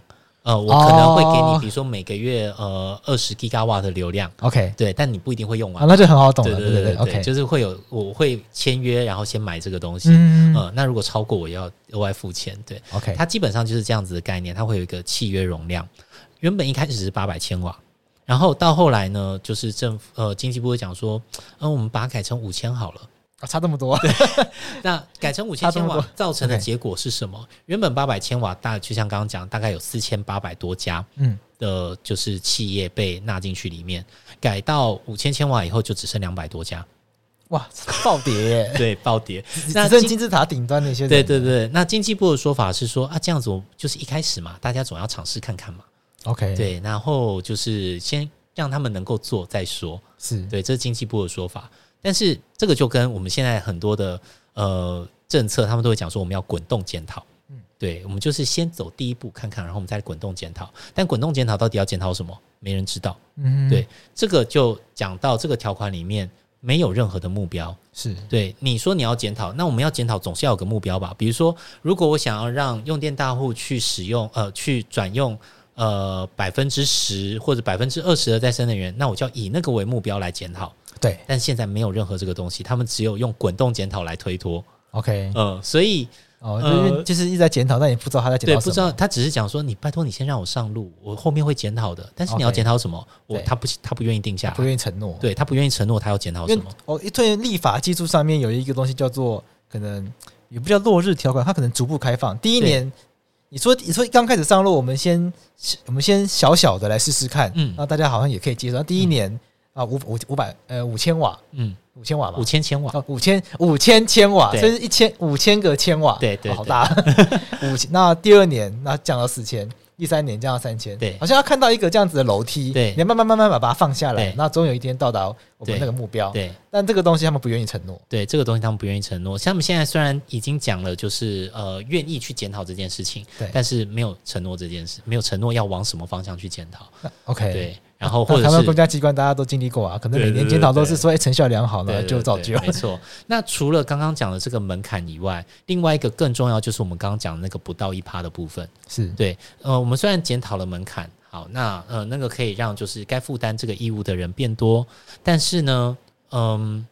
呃，我可能會給你，比如說每個月呃二十 Giga 瓦的流量，OK，對，但你不一定會用完、啊，那就很好懂了，對對對 okay. 對，OK，就是會有我會簽約，然後先買這個東西，嗯，呃，那如果超過我要額外付錢，對，OK，它基本上就是這樣子的概念，它會有一個契約容量，原本一開始是八百千瓦，然後到後來呢，就是政府呃經濟部會講說，嗯、呃，我們把它改成五千好了。差這麼多、啊，對，那改成五千千瓦造成的結果是什麼？麼 okay，原本八百千瓦大，大概就像剛剛講，大概有四千八百多家，嗯，的就是企業被納進去裡面。嗯、改到五千千瓦以後，就只剩兩百多家，哇，暴跌耶，對，暴跌。 那金字塔頂端那些，對，對對對。那經濟部的說法是說啊，這樣子，就是一開始嘛，大家總要嘗試看看嘛。OK，對，然後就是先讓他們能夠做再說，是對，這是經濟部的說法。但是這個就跟我們現在很多的呃政策，他們都會講說我們要滾動檢討，嗯，對，我們就是先走第一步看看，然後我們再滾動檢討。但滾動檢討到底要檢討什麼？沒人知道。嗯，對，這個就講到這個條款裡面沒有任何的目標。是。對，你說你要檢討，那我們要檢討總是要有個目標吧？比如說，如果我想要讓用電大戶去使用呃去轉用呃百分之十或者百分之二十的再生能源，那我就要以那個為目標來檢討。對，但現在沒有任何這個東西，他們只有用滾動檢討來推脫。OK，嗯、呃，所以哦，就，因為，就是一直在檢討，呃，但也不知道他在檢討什麼。對，不知道，他只是講說，你拜托你先讓我上路，我後面會檢討的。但是你要檢討什麼？Okay. 我他不，他不願意定下來，他不願意承諾。對，他不願意承諾，他要檢討什麼？哦，一推立法技術上面有一個東西叫做可能也不叫落日條款，它可能逐步開放。第一年，你說你說剛開始上路，我們先我們先小小的來試試看，嗯，那大家好像也可以接受。第一年。嗯.啊，五五五百呃，五千瓦，嗯，五千瓦吧，五千千瓦，哦、五千五千千瓦，這是一千五千個千瓦，對對，對、哦，好大，啊。五 千，那第二年那降到四千，第三年降到三千，對，好像要看到一個這樣子的樓梯，對，你要慢慢慢慢把它放下來，那總有一天到達我們那個目標對，對。但這個東西他們不願意承諾，對，這個東西他們不願意承諾。像他們現在雖然已經講了，就是呃願意去檢討這件事情，對，但是沒有承諾這件事，沒有承諾要往什麼方向去檢討。OK，對。然後或者他們公、啊、家機關，大家都經歷過啊，可能每年檢討都是說，對對對對欸、成效良好呢，對對對對就照舊。沒錯。那除了剛剛講的這個門檻以外，另外一個更重要就是我們剛剛講的那個不到一趴的部分，是對。呃，我們雖然檢討了門檻，好，那呃那個可以讓就是該負擔這個義務的人變多，但是呢，嗯、呃，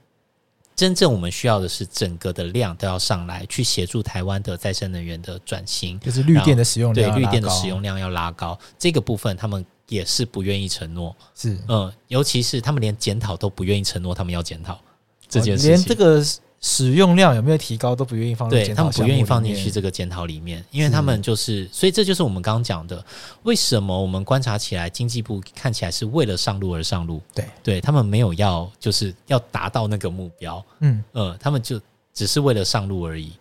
真正我們需要的是整個的量都要上來，去協助台灣的再生能源的轉型，就是綠電的使用量，對，綠電的使用量要拉高這個部分他們。也是不願意承諾，是嗯、呃，尤其是他們連檢討都不願意承諾，他們要檢討、啊、這件事連這個使用量有沒有提高都不願意放在對，他們不願意放進去這個檢討裡面，因為他們就是，是，所以這就是我們剛剛講的，為什麼我們觀察起來經濟部看起來是為了上路而上路，對，對他們沒有要就是要達到那個目標，嗯呃，他們就只是為了上路而已，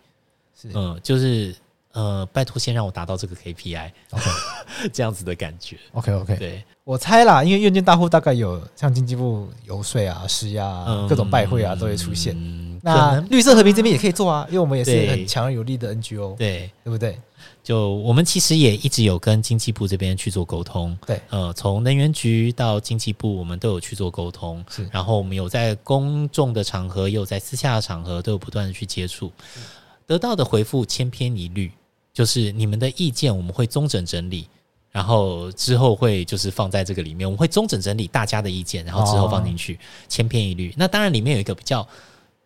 嗯、呃，就是。呃，拜託，先讓我達到這個 KPI、okay. 這樣子的感覺，OK，OK，、okay, okay. 對，我猜啦，因為用電大戶大概有像經濟部游說啊、施壓啊、嗯、各種拜會啊、嗯、都會出現。嗯、那綠色和平這邊也可以做啊，因為我們也是很強有力的 NGO，對，對，對不對？就我們其實也一直有跟經濟部這邊去做溝通，對，呃，從能源局到經濟部，我們都有去做溝通，是。然後我們有在公眾的場合，也有在私下的場合，都有不斷的去接觸、嗯，得到的回覆千篇一律。就是你們的意見，我們會綜整整理，然後之後會就是放在這個裡面，我們會綜整整理大家的意見，然後之後放進去、哦，千篇一律。那當然裡面有一個比較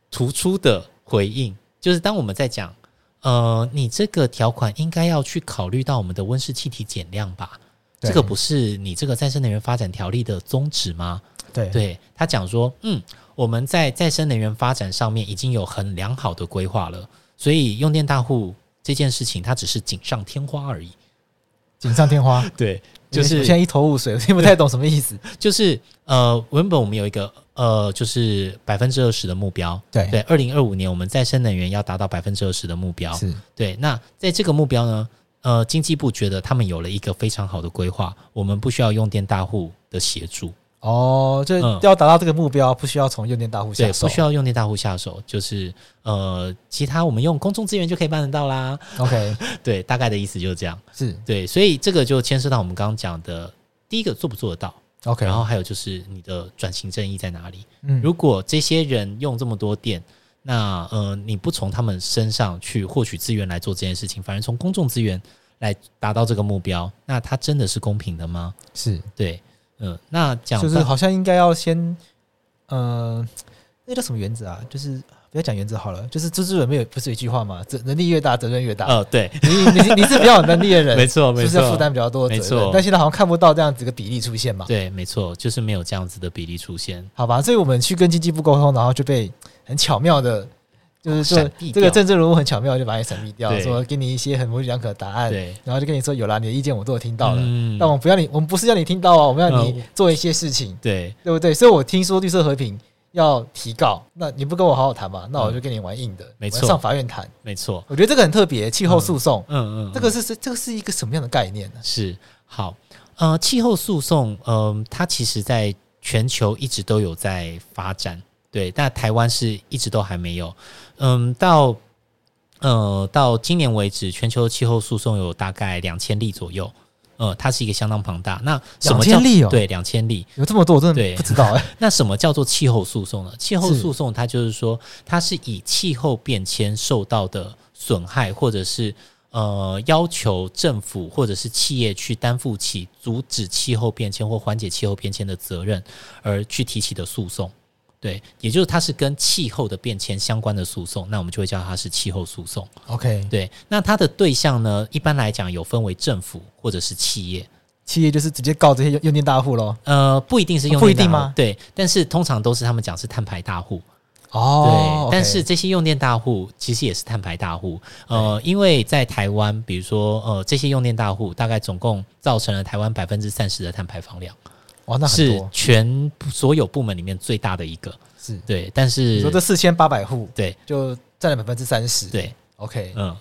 突出的回應，就是當我們在講，呃，你這個條款應該要去考慮到我們的溫室氣體減量吧？這個不是你這個再生能源發展條例的宗旨嗎？對，對，他講說，嗯，我們在再生能源發展上面已經有很良好的規劃了，所以用電大戶。這件事情它只是錦上添花而已，錦上添花， 對，就是、就是、我現在一頭霧水，聽不太懂什麼意思。就是呃，原本我們有一個呃，就是百分之二十的目標，對，對，二零二五年我們再生能源要達到百分之二十的目標，是對。那在這個目標呢，呃，經濟部覺得他們有了一個非常好的規劃，我們不需要用電大戶的協助。哦、oh, 就是要達到這個目標，嗯、不需要從用電大戶下手，不需要用電大戶下手，就是呃，其他我們用公眾資源就可以辦得到啦。OK， 對，大概的意思就是這樣。是，對，所以這個就牽涉到我們剛剛講的第一個，做不做得到？OK，然後還有就是你的轉型正義在哪裡，嗯？如果這些人用這麼多電，那呃，你不從他們身上去獲取資源來做這件事情，反而從公眾資源來達到這個目標，那它真的是公平的嗎？是對。嗯，那講就是好像應該要先，嗯、呃，那叫什麼原則啊？就是不要講原則好了，就是資質人沒有不是一句話嘛？責能力越大，責任越大。哦，對，你你你是比較有能力的人， 沒錯，就是要負擔比較多的責任沒錯。但現在好像看不到這樣子一個比例出現嘛？對，沒錯，就是沒有這樣子的比例出現。好吧，所以我們去跟經濟部溝通，然後就被很巧妙的。就是說，這個政治人物很巧妙，就把你神秘掉，說，給你一些很模棱兩可的答案，然後就跟你說，有了你的意見，我都有聽到了。嗯、但我不要你，我們不是要你聽到啊，我們要你做一些事情，對、嗯、對不對？所以我聽說綠色和平要提告，那你不跟我好好談嘛？那我就跟你玩硬的，嗯、沒錯，我上法院談，沒錯。我覺得這個很特別，氣候訴訟，嗯嗯，嗯，這個是是這個是一個什麼樣的概念呢、啊？是好，呃，氣候訴訟，嗯、呃，它其實在全球一直都有在發展。對，但台灣是一直都還沒有。嗯，到呃，到今年為止，全球氣候訴訟有大概兩千例左右。呃，它是一個相當龐大。那什麼叫，兩千例喔，對，兩千例有這麼多，真的不知道欸。那什麼叫做氣候訴訟呢？氣候訴訟，它就是說，它是以氣候變遷受到的損害，或者是呃，要求政府或者是企業去擔負起阻止氣候變遷或緩解氣候變遷的責任，而去提起的訴訟。對，也就是它是跟氣候的變遷相關的訴訟，那我們就會叫它是氣候訴訟。OK，對，那它的對象呢，一般來講有分為政府或者是企業，企業就是直接告這些用,用電大戶咯。呃，不一定是用電大戶，不一定嗎？對，但是通常都是他們講是碳排大戶。哦、oh，對，okay. 但是這些用電大戶其實也是碳排大戶。Okay. 呃，因為在台灣，比如說呃，這些用電大戶大概總共造成了台灣百分之三十的碳排放量。哦，那很多是全所有部門裡面最大的一個，是對，但是你說這四千八百戶，對，就占了百分之三十，對，OK，嗯，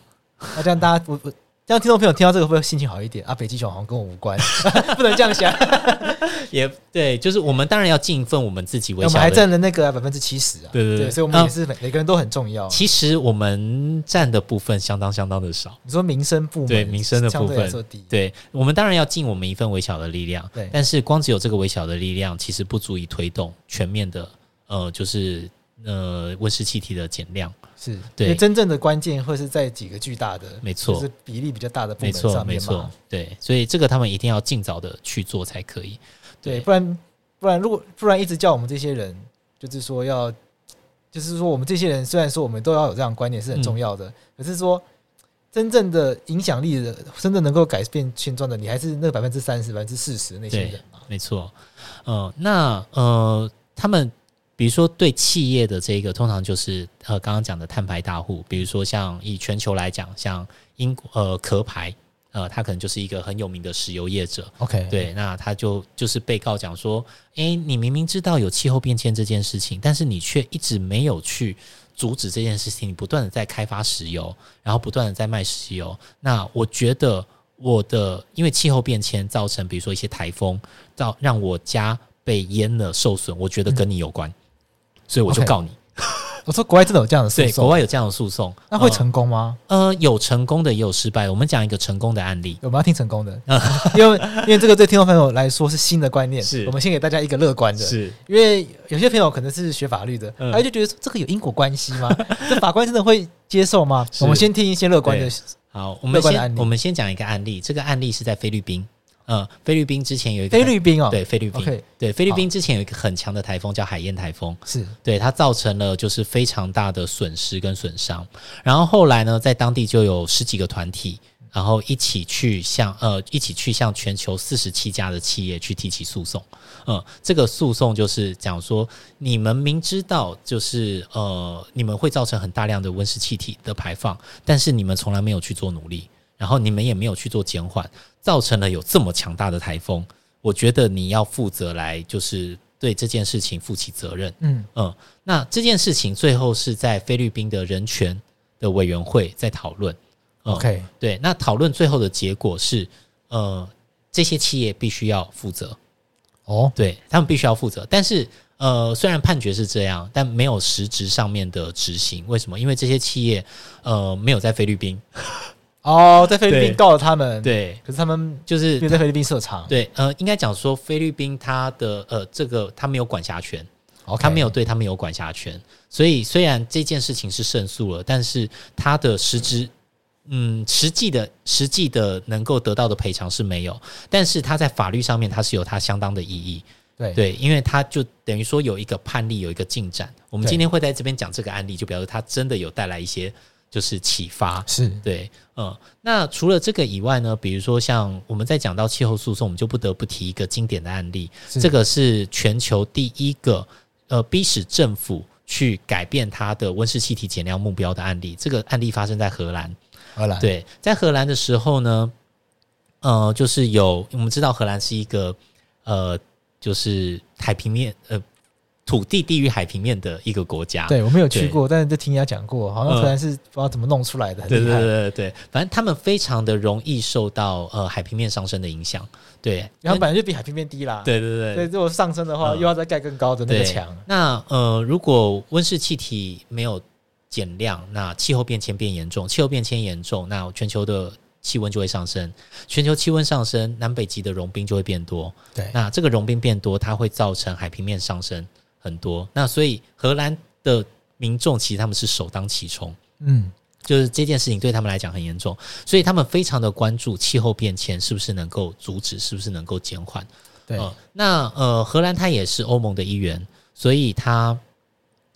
那這樣大家我我。 這樣聽眾朋友聽到這個會，不會心情好一點啊！北極熊好像跟我無關， 不能這樣想 也。也對，就是我們當然要盡一份我們自己微小、欸，我們還占了那個百分之七十啊？對對對，對，所以我們也是每個人都很重要、啊啊。其實我們占的部分相當相當的少。你說民生部門對民生的部分，對，對我們當然要盡我們一份微小的力量。對，但是光只有這個微小的力量，其實不足以推動全面的呃，就是。呃，溫室氣體的減量是對真正的關鍵，會是在幾個巨大的，沒錯，就是比例比較大的部門上面嘛。對，所以這個他們一定要盡早的去做才可以。對，對不然不然如果不然一直叫我們這些人，就是說要，就是說我們這些人雖然說我們都要有這樣的觀點是很重要的，嗯、可是說真正的影響力的，真正能夠改變現狀的，你還是那百分之三十、百分之四十那些人嘛。沒錯，呃，那呃，他們。比如說，對企業的這個，通常就是呃，剛剛講的碳排大戶，比如說像以全球來講，像英國呃殼牌，呃，它可能就是一個很有名的石油業者。OK，對，那他就就是被告講說，哎、欸，你明明知道有氣候變遷這件事情，但是你卻一直沒有去阻止這件事情，你不斷的在開發石油，然後不斷的在賣石油。那我覺得，我的因為氣候變遷造成，比如說一些台風，到讓我家被淹了受損，我覺得跟你有關。嗯所以我就告你、okay， 我說國外真的有這樣的訴訟？對，國外有這樣的訴訟，那會成功嗎？嗯、呃，有成功的，也有失敗。我們講一個成功的案例，我們要聽成功的，嗯、因為因為這個對聽眾朋友來說是新的觀念，是我們先給大家一個樂觀的，是因為有些朋友可能是學法律的，他、啊、就覺得這個有因果關係嗎、嗯？這法官真的會接受嗎？我們先聽一些樂觀的，好，我們先我們先講一個案例，這個案例是在菲律賓。呃，菲律賓之前有一個菲律賓哦，對菲律賓。對菲律賓之前有一個很強、啊 Okay. 的颱風叫海燕颱風，是，對它造成了就是非常大的損失跟損傷。然後後來呢，在當地就有十幾個團體，然後一起去向呃一起去向全球四十七家的企業去提起訴訟。嗯、呃，這個訴訟就是講說，你們明知道就是呃，你們會造成很大量的溫室氣體的排放，但是你們從來沒有去做努力，然後你們也沒有去做減緩。造成了有這麼強大的台風，我覺得你要負責來，就是對這件事情負起責任。嗯嗯，呃，那這件事情最後是在菲律賓的人權的委員會在討論，呃。OK，對，那討論最後的結果是，呃，這些企業必須要負責。哦，對他們必須要負責，但是呃，雖然判決是這樣，但沒有實質上面的執行。為什麼？因為這些企業呃沒有在菲律賓。哦、oh，在菲律賓告了他們。對，可是他們就是在菲律賓設廠。對，呃，應該講說菲律賓他的呃這個他沒有管轄權，okay. 他，他沒有對他們有管轄權，所以雖然這件事情是勝訴了，但是他的實質，嗯，實際的實際的能夠得到的賠償是沒有，但是他在法律上面他是有他相當的意義。對對，因為他就等於說有一個判例有一個進展，我們今天會在這邊講這個案例，就表示他真的有帶來一些。就是啟發，是對，嗯、呃，那除了這個以外呢，比如說像我們在講到氣候訴訟，我們就不得不提一個經典的案例，這個是全球第一個呃逼使政府去改變它的溫室氣體減量目標的案例。這個案例發生在荷蘭，荷蘭對，在荷蘭的時候呢，呃，就是有我們知道荷蘭是一個呃，就是海平面呃。土地低於海平面的一個國家，對，我沒有去過，但是就聽人家講過，好像突然是不知道怎麼弄出來的、呃，對對對對，反正他們非常的容易受到呃海平面上升的影響，對，然後本來就比海平面低啦，對對對，對，如果上升的話，呃、又要再蓋更高的那個牆。那呃，如果溫室氣體沒有減量，那氣候變遷變嚴重，氣候變遷嚴重，那全球的氣溫就會上升，全球氣溫上升，南北極的融冰就會變多，對，那這個融冰變多，它會造成海平面上升。很多，那所以荷蘭的民眾其實他們是首當其衝，嗯，就是這件事情對他們來講很嚴重，所以他們非常的關注氣候變遷是不是能夠阻止，是不是能夠減緩。對，呃那呃，荷蘭它也是歐盟的一員，所以它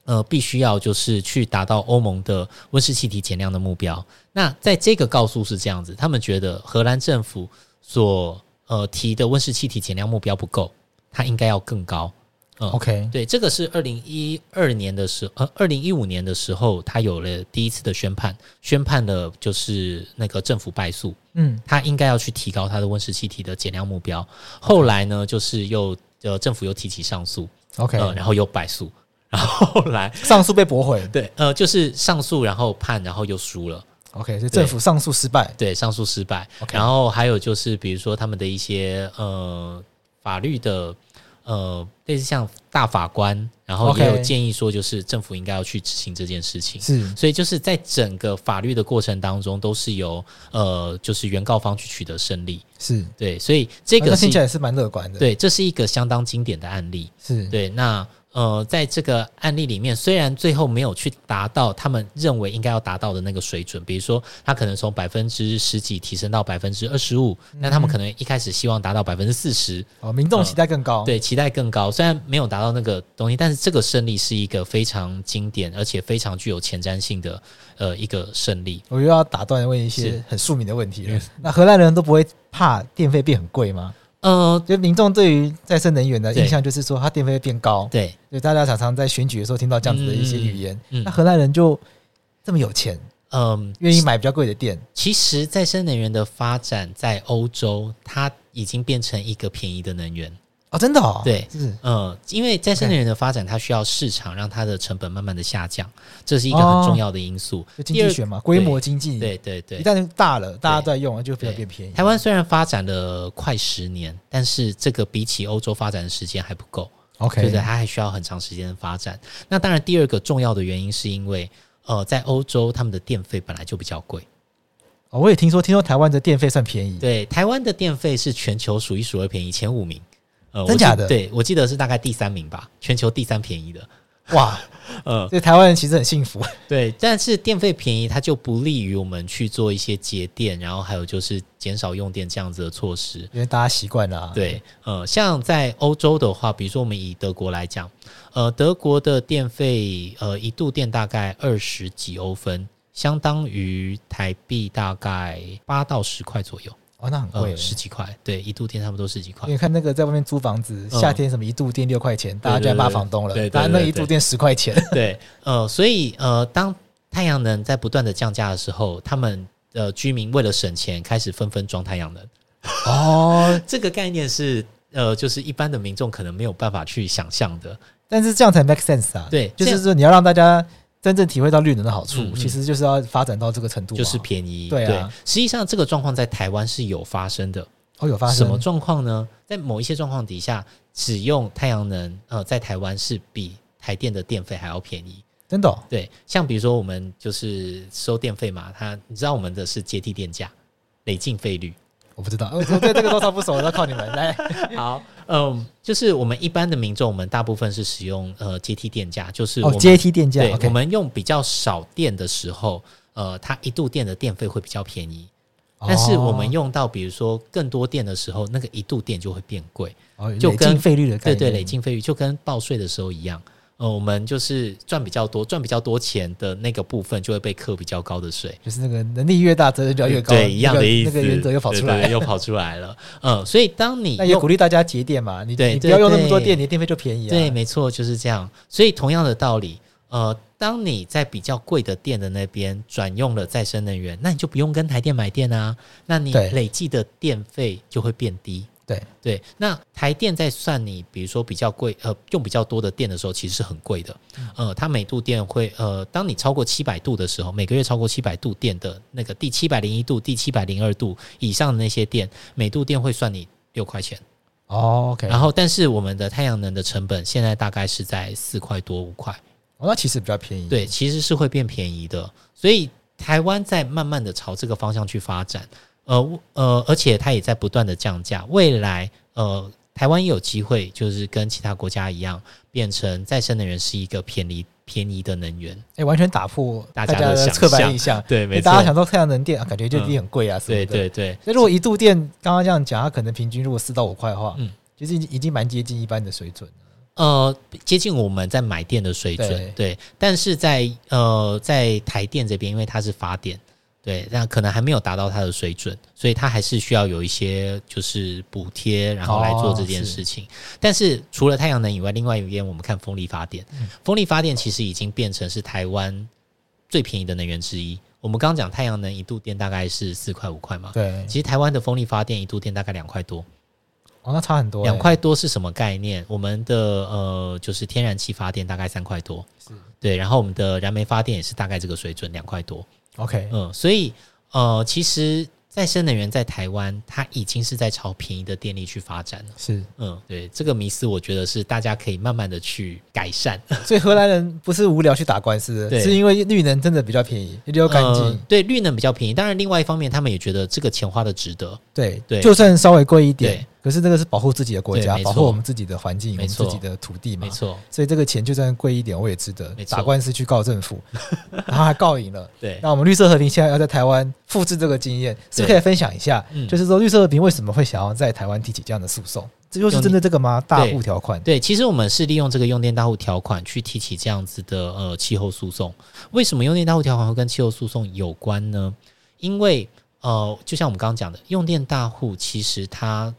呃必須要就是去達到歐盟的溫室氣體減量的目標。那在這個告訴是這樣子，他們覺得荷蘭政府所呃提的溫室氣體減量目標不夠，它應該要更高。嗯，OK，對，這個是二零一二年的時候，呃，二零一五年的時候，他有了第一次的宣判，宣判的就是那個政府敗訴，嗯，他應該要去提高他的溫室氣體的減量目標。Okay. 後來呢，就是又呃政府又提起上訴，OK，呃，然後又敗訴，然後後來上訴被駁回，對，呃，就是上訴然後判然後又輸了，OK，是政府上訴失敗，對，對，上訴失敗，Okay. 然後還有就是比如說他們的一些呃法律的。呃，類似像大法官，然後也有建議說，就是政府應該要去執行這件事情。是、okay.，所以就是在整個法律的過程當中，都是由呃，就是原告方去取得勝利。是，對，所以這個是、啊、聽起來也是蠻樂觀的。對，這是一個相當經典的案例。是對，那。呃，在這個案例裡面，雖然最後沒有去達到他們認為應該要達到的那個水準，比如說他可能從百分之十幾提升到百分之二十五，那他們可能一開始希望達到百分之四十。哦，民眾期待更高。呃，對，期待更高。雖然沒有達到那個東西，但是這個勝利是一個非常經典而且非常具有前瞻性的呃一個勝利。我又要打斷問一些很庶民的問題了。那荷蘭人都不會怕電費變很貴嗎？嗯、呃，就民眾對於再生能源的印象就是說，它電費會變高。對，就大家常常在選舉的時候聽到這樣子的一些語言。嗯嗯、那荷蘭人就這麼有錢，嗯，願意買比較貴的電？其實再生能源的發展在歐洲，它已經變成一個便宜的能源。啊、哦，真的，哦，對，嗯、呃，因為再生能源的發展，它需要市場，讓它的成本慢慢的下降，這是一個很重要的因素。哦、經濟學嘛，規模經濟，對對對，一旦大了，大家在用就比較便宜。台灣雖然發展了快十年，但是這個比起歐洲發展的時間還不夠，OK，、就是、它還需要很長時間的發展。那當然，第二個重要的原因是因為，呃，在歐洲他們的電費本來就比較貴。哦，我也聽說，聽說台灣的電費算便宜。對，台灣的電費是全球數一數二便宜，前五名。呃、真假的？對，我記得是大概第三名吧，全球第三便宜的。哇，呃，所以台灣人其實很幸福，呃，對。但是電費便宜，它就不利於我們去做一些節電，然後還有就是減少用電這樣子的措施，因為大家習慣了，啊，對。呃，像在歐洲的話，比如說我們以德國來講，呃，德國的電費，呃，一度電大概二十幾歐分，相當於台幣大概八到十塊左右。哦，那很貴、欸，十幾塊，對，一度電差不多十幾塊。因為你看那個在外面租房子，夏天什麼一度電六塊錢，嗯、大家就要罵房東了。對對對，對對對，大家那一度電十塊錢，對對對對。對，呃，所以呃，當太陽能在不斷的降價的時候，他們呃居民為了省錢，開始紛紛裝太陽能。哦， 這個概念是呃，就是一般的民眾可能沒有辦法去想象的，但是這樣才 make sense 啊。對，就是說你要讓大家。真正體會到綠能的好處，嗯，其實就是要發展到這個程度，就是便宜。對啊，對實際上這個狀況在台灣是有發生的，哦有發生。什麼狀況呢？在某一些狀況底下，使用太陽能，呃，在台灣是比台電的電費還要便宜。真的，哦，對，像比如說我們就是收電費嘛，他你知道我們的是階梯電價，累進費率。我不知道，我這這個多少不熟， 我都要靠你們來。好，嗯，就是我們一般的民眾，我們大部分是使用呃階梯電價，就是哦階梯電價，對、okay，我們用比較少電的時候，呃，它一度電的電費會比較便宜，哦。但是我們用到比如說更多電的時候，那個一度電就會變貴，哦，就跟累進費率的對對對，累進費率，就跟報稅的時候一樣。呃，我們就是賺比較多，賺比較多錢的那個部分，就會被扣比較高的稅。就是那個能力越大，責任就越高，對，對一樣的意思。那個原則又跑出來了，了，又跑出來了。嗯、 呃，所以當你那也鼓勵大家節電嘛，你就對，對，對你不要用那麼多電，對對對你的電費就便宜，啊。對，沒錯就是這樣。所以同樣的道理，呃，當你在比較貴的電的那邊轉用了再生能源，那你就不用跟台電買電啊，那你累計的電費就會變低。對對，那台電在算你，比如說比較貴，呃，用比較多的電的時候，其實是很貴的。呃，它每度電會，呃，當你超過七百度的時候，每個月超過七百度電的那個第七百零一度、第七百零二度以上的那些電，每度電會算你六塊錢。哦，OK。然後，但是我們的太陽能的成本現在大概是在四塊多五塊，哦，那其實比較便宜。對，其實是會變便宜的，所以台灣在慢慢的朝這個方向去發展。呃呃，而且它也在不斷的降價。未來，呃，台灣也有機會，就是跟其他國家一樣，變成再生能源是一個便宜便宜的能源。哎、欸，完全打破大家的刻板印象，對，沒錯、欸。大家想說太陽能電、啊，感覺就一定很貴啊、嗯是不是？對對對。那如果一度電，剛剛這樣講，它可能平均如果四到五塊的話，嗯，其、就、實、是、已經蠻接近一般的水準，呃，接近我們在買電的水準，對。對，但是在呃，在台電這邊，因為它是發電。對，但可能還沒有達到它的水準，所以它還是需要有一些就是補貼，然後來做這件事情。哦、是，但是除了太陽能以外，另外一邊我們看風力發電、嗯，風力發電其實已經變成是台灣最便宜的能源之一。我們剛講太陽能一度電大概是四塊五塊嘛，對，其實台灣的風力發電一度電大概兩塊多，哦，那差很多、欸。兩塊多是什麼概念？我們的呃，就是天然氣發電大概三塊多，是對，然後我們的燃煤發電也是大概這個水準，兩塊多。OK，嗯，所以呃，其實再生能源在台灣，它已經是在朝便宜的電力去發展了。是，嗯，對，這個迷思我覺得是大家可以慢慢的去改善。所以荷蘭人不是無聊去打官司的，對，是因為綠能真的比較便宜，比較乾淨。對，綠能比較便宜，當然另外一方面他們也覺得這個錢花的值得。對對，就算稍微貴一點。可是這個是保護自己的國家，保護我們自己的環境，我們自己的土地嘛。沒錯，所以這個錢就算貴一點，我也值得打官司去告政府，然後還告贏了。對，那我們綠色和平現在要在台灣複製這個經驗，所以可以分享一下。就是說，綠色和平為什麼會想要在台灣提起這樣的訴訟？這就是針對這個嗎？大戶條款？對，對，其實我們是利用這個用電大戶條款去提起這樣子的呃氣候訴訟。為什麼用電大戶條款會跟氣候訴訟有關呢？因為呃，就像我們剛剛講的，用電大戶其實它。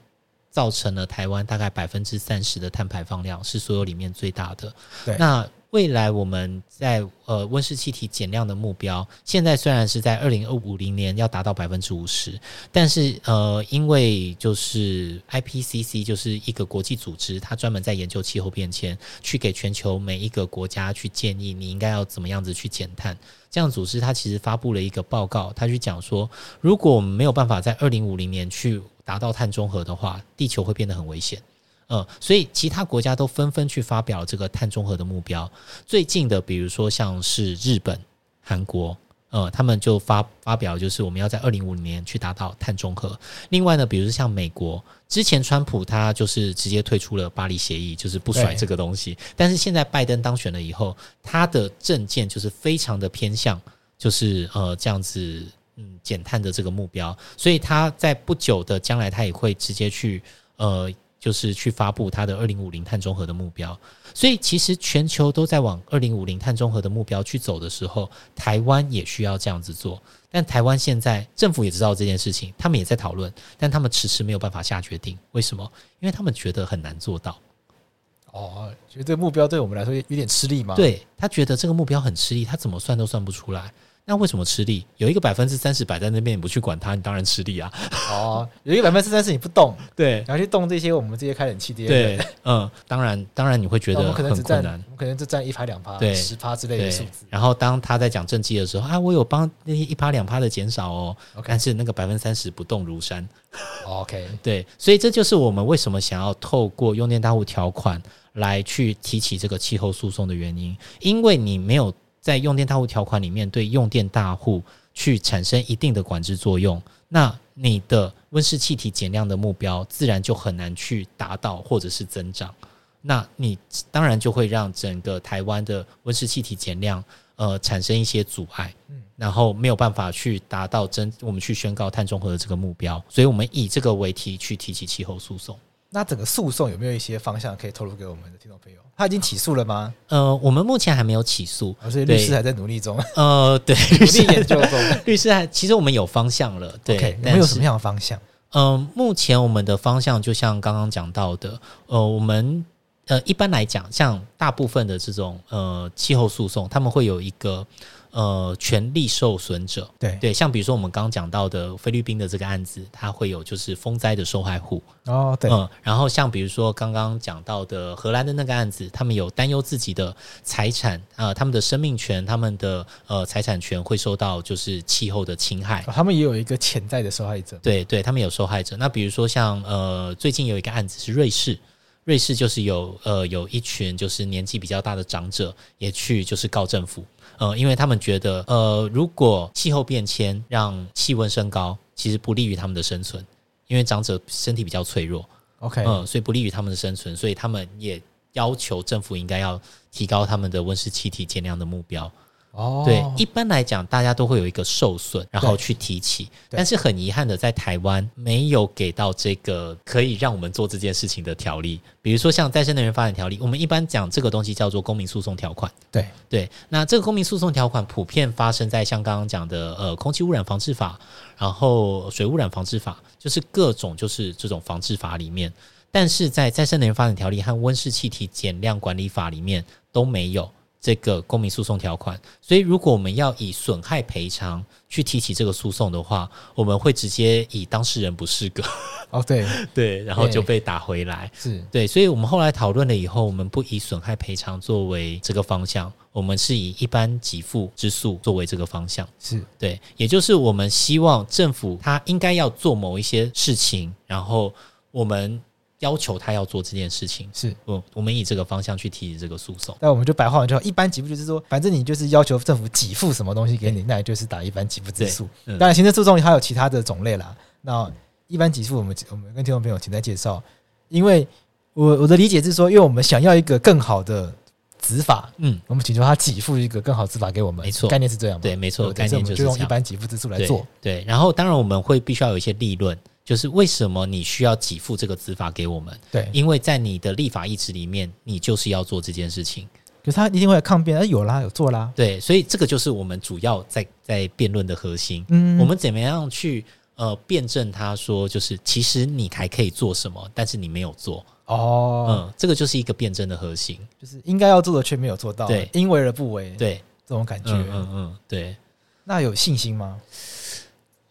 造成了台灣大概百分之三十的碳排放量，是所有裡面最大的。對，那未來我們在呃溫室氣體減量的目標，現在雖然是在二零五零年要達到百分之五十，但是呃，因為就是 IPCC 就是一個國際組織，它專門在研究氣候變遷，去給全球每一個國家去建議你應該要怎麼樣子去減碳。這樣組織它其實發布了一個報告，它去講說，如果我們沒有辦法在二零五零年去。達到碳中和的話，地球會變得很危險，呃，所以其他國家都紛紛去發表這個碳中和的目標。最近的，比如說像是日本、韓國，呃，他們就發發表，就是我們要在二零五零年去達到碳中和。另外呢，比如像美國，之前川普他就是直接退出了巴黎協議，就是不甩這個東西。但是現在拜登當選了以後，他的政見就是非常的偏向，就是呃這樣子。嗯，減碳的這個目標，所以他在不久的將來，他也會直接去，呃，就是去發布他的二零五零碳中和的目標。所以其實全球都在往二零五零碳中和的目標去走的時候，台灣也需要這樣子做。但台灣現在政府也知道這件事情，他們也在討論，但他們遲遲沒有辦法下決定，為什麼？因為他們覺得很難做到。哦，覺得目標對我們來說有點吃力嗎？對，他覺得這個目標很吃力，他怎麼算都算不出來。那為什麼吃力？有一個百分之三十擺在那邊，你不去管它，你當然吃力啊。哦，有一個百分之三十你不動，對，然後要去動這些我們這些開冷氣的對，對，對，嗯，當然，當然你會覺得很困難，哦、我，可我可能就佔一趴、兩趴，對，十趴之類的數字。然後當他在講政績的時候啊，我有幫那些一趴、兩趴的減少哦，okay. 但是那個百分之三十不動如山。OK，對，所以這就是我們為什麼想要透過用電大戶條款來去提起這個氣候訴訟的原因，因為你沒有。在用電大戶條款裡面，對用電大戶去產生一定的管制作用，那你的溫室氣體減量的目標自然就很難去達到，或者是增長。那你當然就會讓整個台灣的溫室氣體減量呃產生一些阻礙，然後沒有辦法去達到真我們去宣告碳中和的這個目標，所以我們以這個為題去提起氣候訴訟。那整個訴訟有沒有一些方向可以透露給我們的聽眾朋友？他已經起訴了嗎？呃，我們目前還沒有起訴，所以律師還在努力中。呃，對，努力研究中了。 律師還，其實我們有方向了，對。Okay, 有沒有什麼樣的方向？嗯、呃，目前我們的方向就像剛剛講到的，呃，我們呃，一般來講，像大部分的這種呃氣候訴訟，他們會有一個。呃，權利受損者，對對，像比如說我們剛剛講到的菲律賓的這個案子，它會有就是風災的受害戶哦，對，嗯、呃，然後像比如說剛剛講到的荷蘭的那個案子，他們有擔憂自己的財產啊、呃，他們的生命權、他們的呃財產權會受到就是氣候的侵害、哦，他們也有一個潛在的受害者，對對，他們有受害者。那比如說像呃，最近有一個案子是瑞士。瑞士就是有呃有一群就是年紀比較大的長者也去就是告政府，呃，因為他們覺得呃如果氣候變遷讓氣溫升高，其實不利於他們的生存，因為長者身體比較脆弱，OK，嗯、呃，所以不利於他們的生存，所以他們也要求政府應該要提高他們的溫室氣體減量的目標。哦，對，一般來講，大家都會有一個受損，然後去提起。但是很遺憾的，在台灣沒有給到這個可以讓我們做這件事情的條例，比如說像再生能源發展條例，我們一般講這個東西叫做公民訴訟條款。對對，那這個公民訴訟條款普遍發生在像剛剛講的呃空氣污染防治法，然後水污染防治法，就是各種就是這種防治法裡面。但是在再生能源發展條例和溫室氣體減量管理法裡面都沒有。這個公民訴訟條款，所以如果我們要以損害賠償去提起這個訴訟的話，我們會直接以當事人不適格哦，對對，然後就被打回來，是對，所以我們後來討論了以後，我們不以損害賠償作為這個方向，我們是以一般給付之訴作為這個方向，是對，也就是我們希望政府他應該要做某一些事情，然後我們。要求他要做這件事情是，嗯，我們以這個方向去提起這個訴訟。那我們就白話完之後，一般給付就是說，反正你就是要求政府給付什麼東西給你，那也就是打一般給付之訴。當然，行政訴訟還有其他的種類啦。那一般給付，我們我們跟聽眾朋友簡單介紹，因為我我的理解是說，因為我們想要一個更好的執法，嗯，我們請求他給付一個更好執法給我們，沒錯，概念是這樣，對，沒錯，概念就是我們就用一般給付之訴來做對，對，然後當然我們會必須要有一些利潤。就是為什麼你需要給付這個執法給我們？對，因為在你的立法意志裡面，你就是要做這件事情。可是他一定會抗辯，哎、欸，有啦，有做啦。對，所以這個就是我們主要在在辯論的核心。嗯，我們怎麼樣去呃辯證？他說，就是其實你還可以做什麼，但是你沒有做。哦，嗯，這個就是一個辯證的核心，就是應該要做的卻沒有做到，對，因為而不為，對，這種感覺，嗯嗯，嗯，對。那有信心嗎？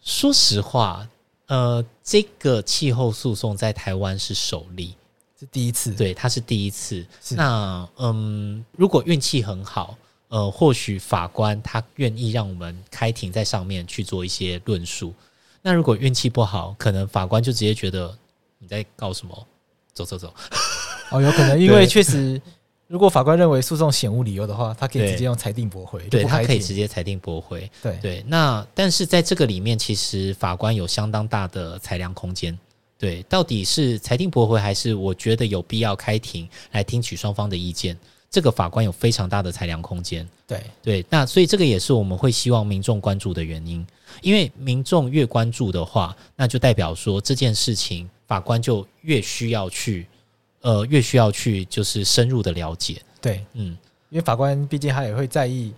說實話。呃，這個氣候訴訟在台灣是首例，是第一次，對，它是第一次。那嗯，如果運氣很好，呃，或許法官他願意讓我們開庭在上面去做一些論述。那如果運氣不好，可能法官就直接覺得你在告什麼，走走走。哦，有可能，因為確實。 如果法官認為訴訟顯無理由的話，他可以直接用裁定駁回；對，對他可以直接裁定駁回。對對，那但是在這個裡面，其實法官有相當大的裁量空間。對，到底是裁定駁回還是我覺得有必要開庭來聽取雙方的意見？這個法官有非常大的裁量空間。對對，那所以這個也是我們會希望民眾關注的原因，因為民眾越關注的話，那就代表說這件事情法官就越需要去。呃，越需要去就是深入的了解。對，嗯，因為法官畢竟他也會在意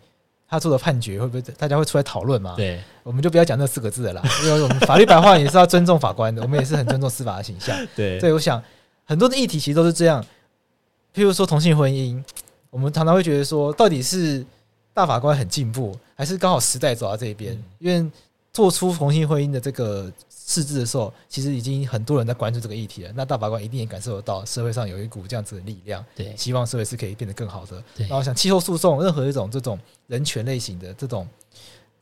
他做的判決會不會大家會出來討論嘛。對，我們就不要講那四個字了， 因為我們法律白話也是要尊重法官的， 我們也是很尊重司法的形象。 對，所以我想很多的議題其實都是這樣，譬如說同性婚姻，我們常常會覺得說，到底是大法官很進步，還是剛好時代走到這一邊？嗯、因為做出同性婚姻的這個。自制，制的時候，其實已經很多人在關注這個議題了。那大法官一定也感受得到，社會上有一股這樣子的力量，對，希望社會是可以變得更好的。然後，我想氣候訴訟，任何一種這種人權類型的、這種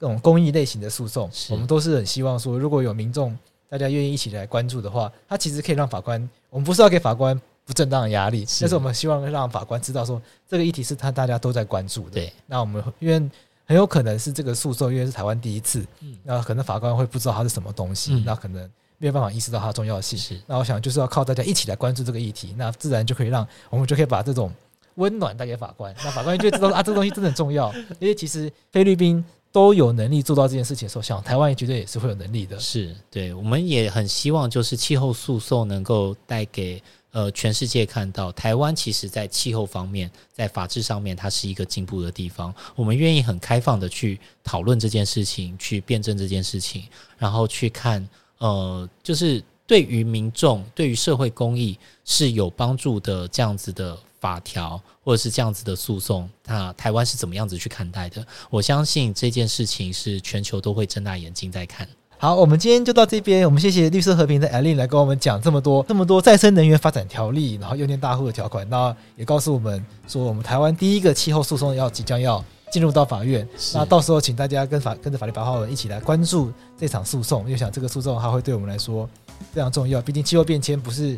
這種公益類型的訴訟，我們都是很希望說，如果有民眾大家願意一起來關注的話，它其實可以讓法官，我們不是要給法官不正當的壓力，但是我們希望讓法官知道說，這個議題是他大家都在關注的。那我們因為。很有可能是這個訴訟，因為是台灣第一次，那可能法官會不知道它是什麼東西，嗯、那可能沒有辦法意識到它的重要性，嗯、那我想就是要靠大家一起來關注這個議題，那自然就可以讓我們就可以把這種溫暖帶給法官。那法官就會知道 啊，這個、東西真的很重要，因為其實菲律賓都有能力做到這件事情的時候，像台灣也絕對也是會有能力的。是，對，我們也很希望就是氣候訴訟能夠帶給。呃，全世界看到台灣，其實，在氣候方面，在法治上面，它是一個進步的地方。我們願意很開放的去討論這件事情，去辯證這件事情，然後去看，呃，就是對於民眾、對於社會公益是有幫助的這樣子的法條，或者是這樣子的訴訟，那台灣是怎麼樣子去看待的？我相信這件事情是全球都會睜大眼睛在看。好，我們今天就到這邊。我們謝謝綠色和平的艾琳來跟我們講這麼多，這麼多再生能源發展條例，然後用電大戶的條款。那也告訴我們說，我們台灣第一個氣候訴訟要即將要進入到法院。那到時候請大家跟法，跟着法律白話文一起來關注這場訴訟，因為想這個訴訟它會對我們來說非常重要。畢竟氣候變遷不是，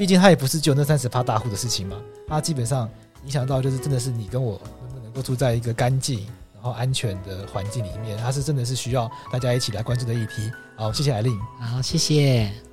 畢竟它也不是只有那三十趴大戶的事情嘛，它基本上影響到就是真的是你跟我能不能夠住在一個乾淨，然後安全的環境裡面，它是真的是需要大家一起來關注的議題。好，謝謝艾麗。好，謝謝。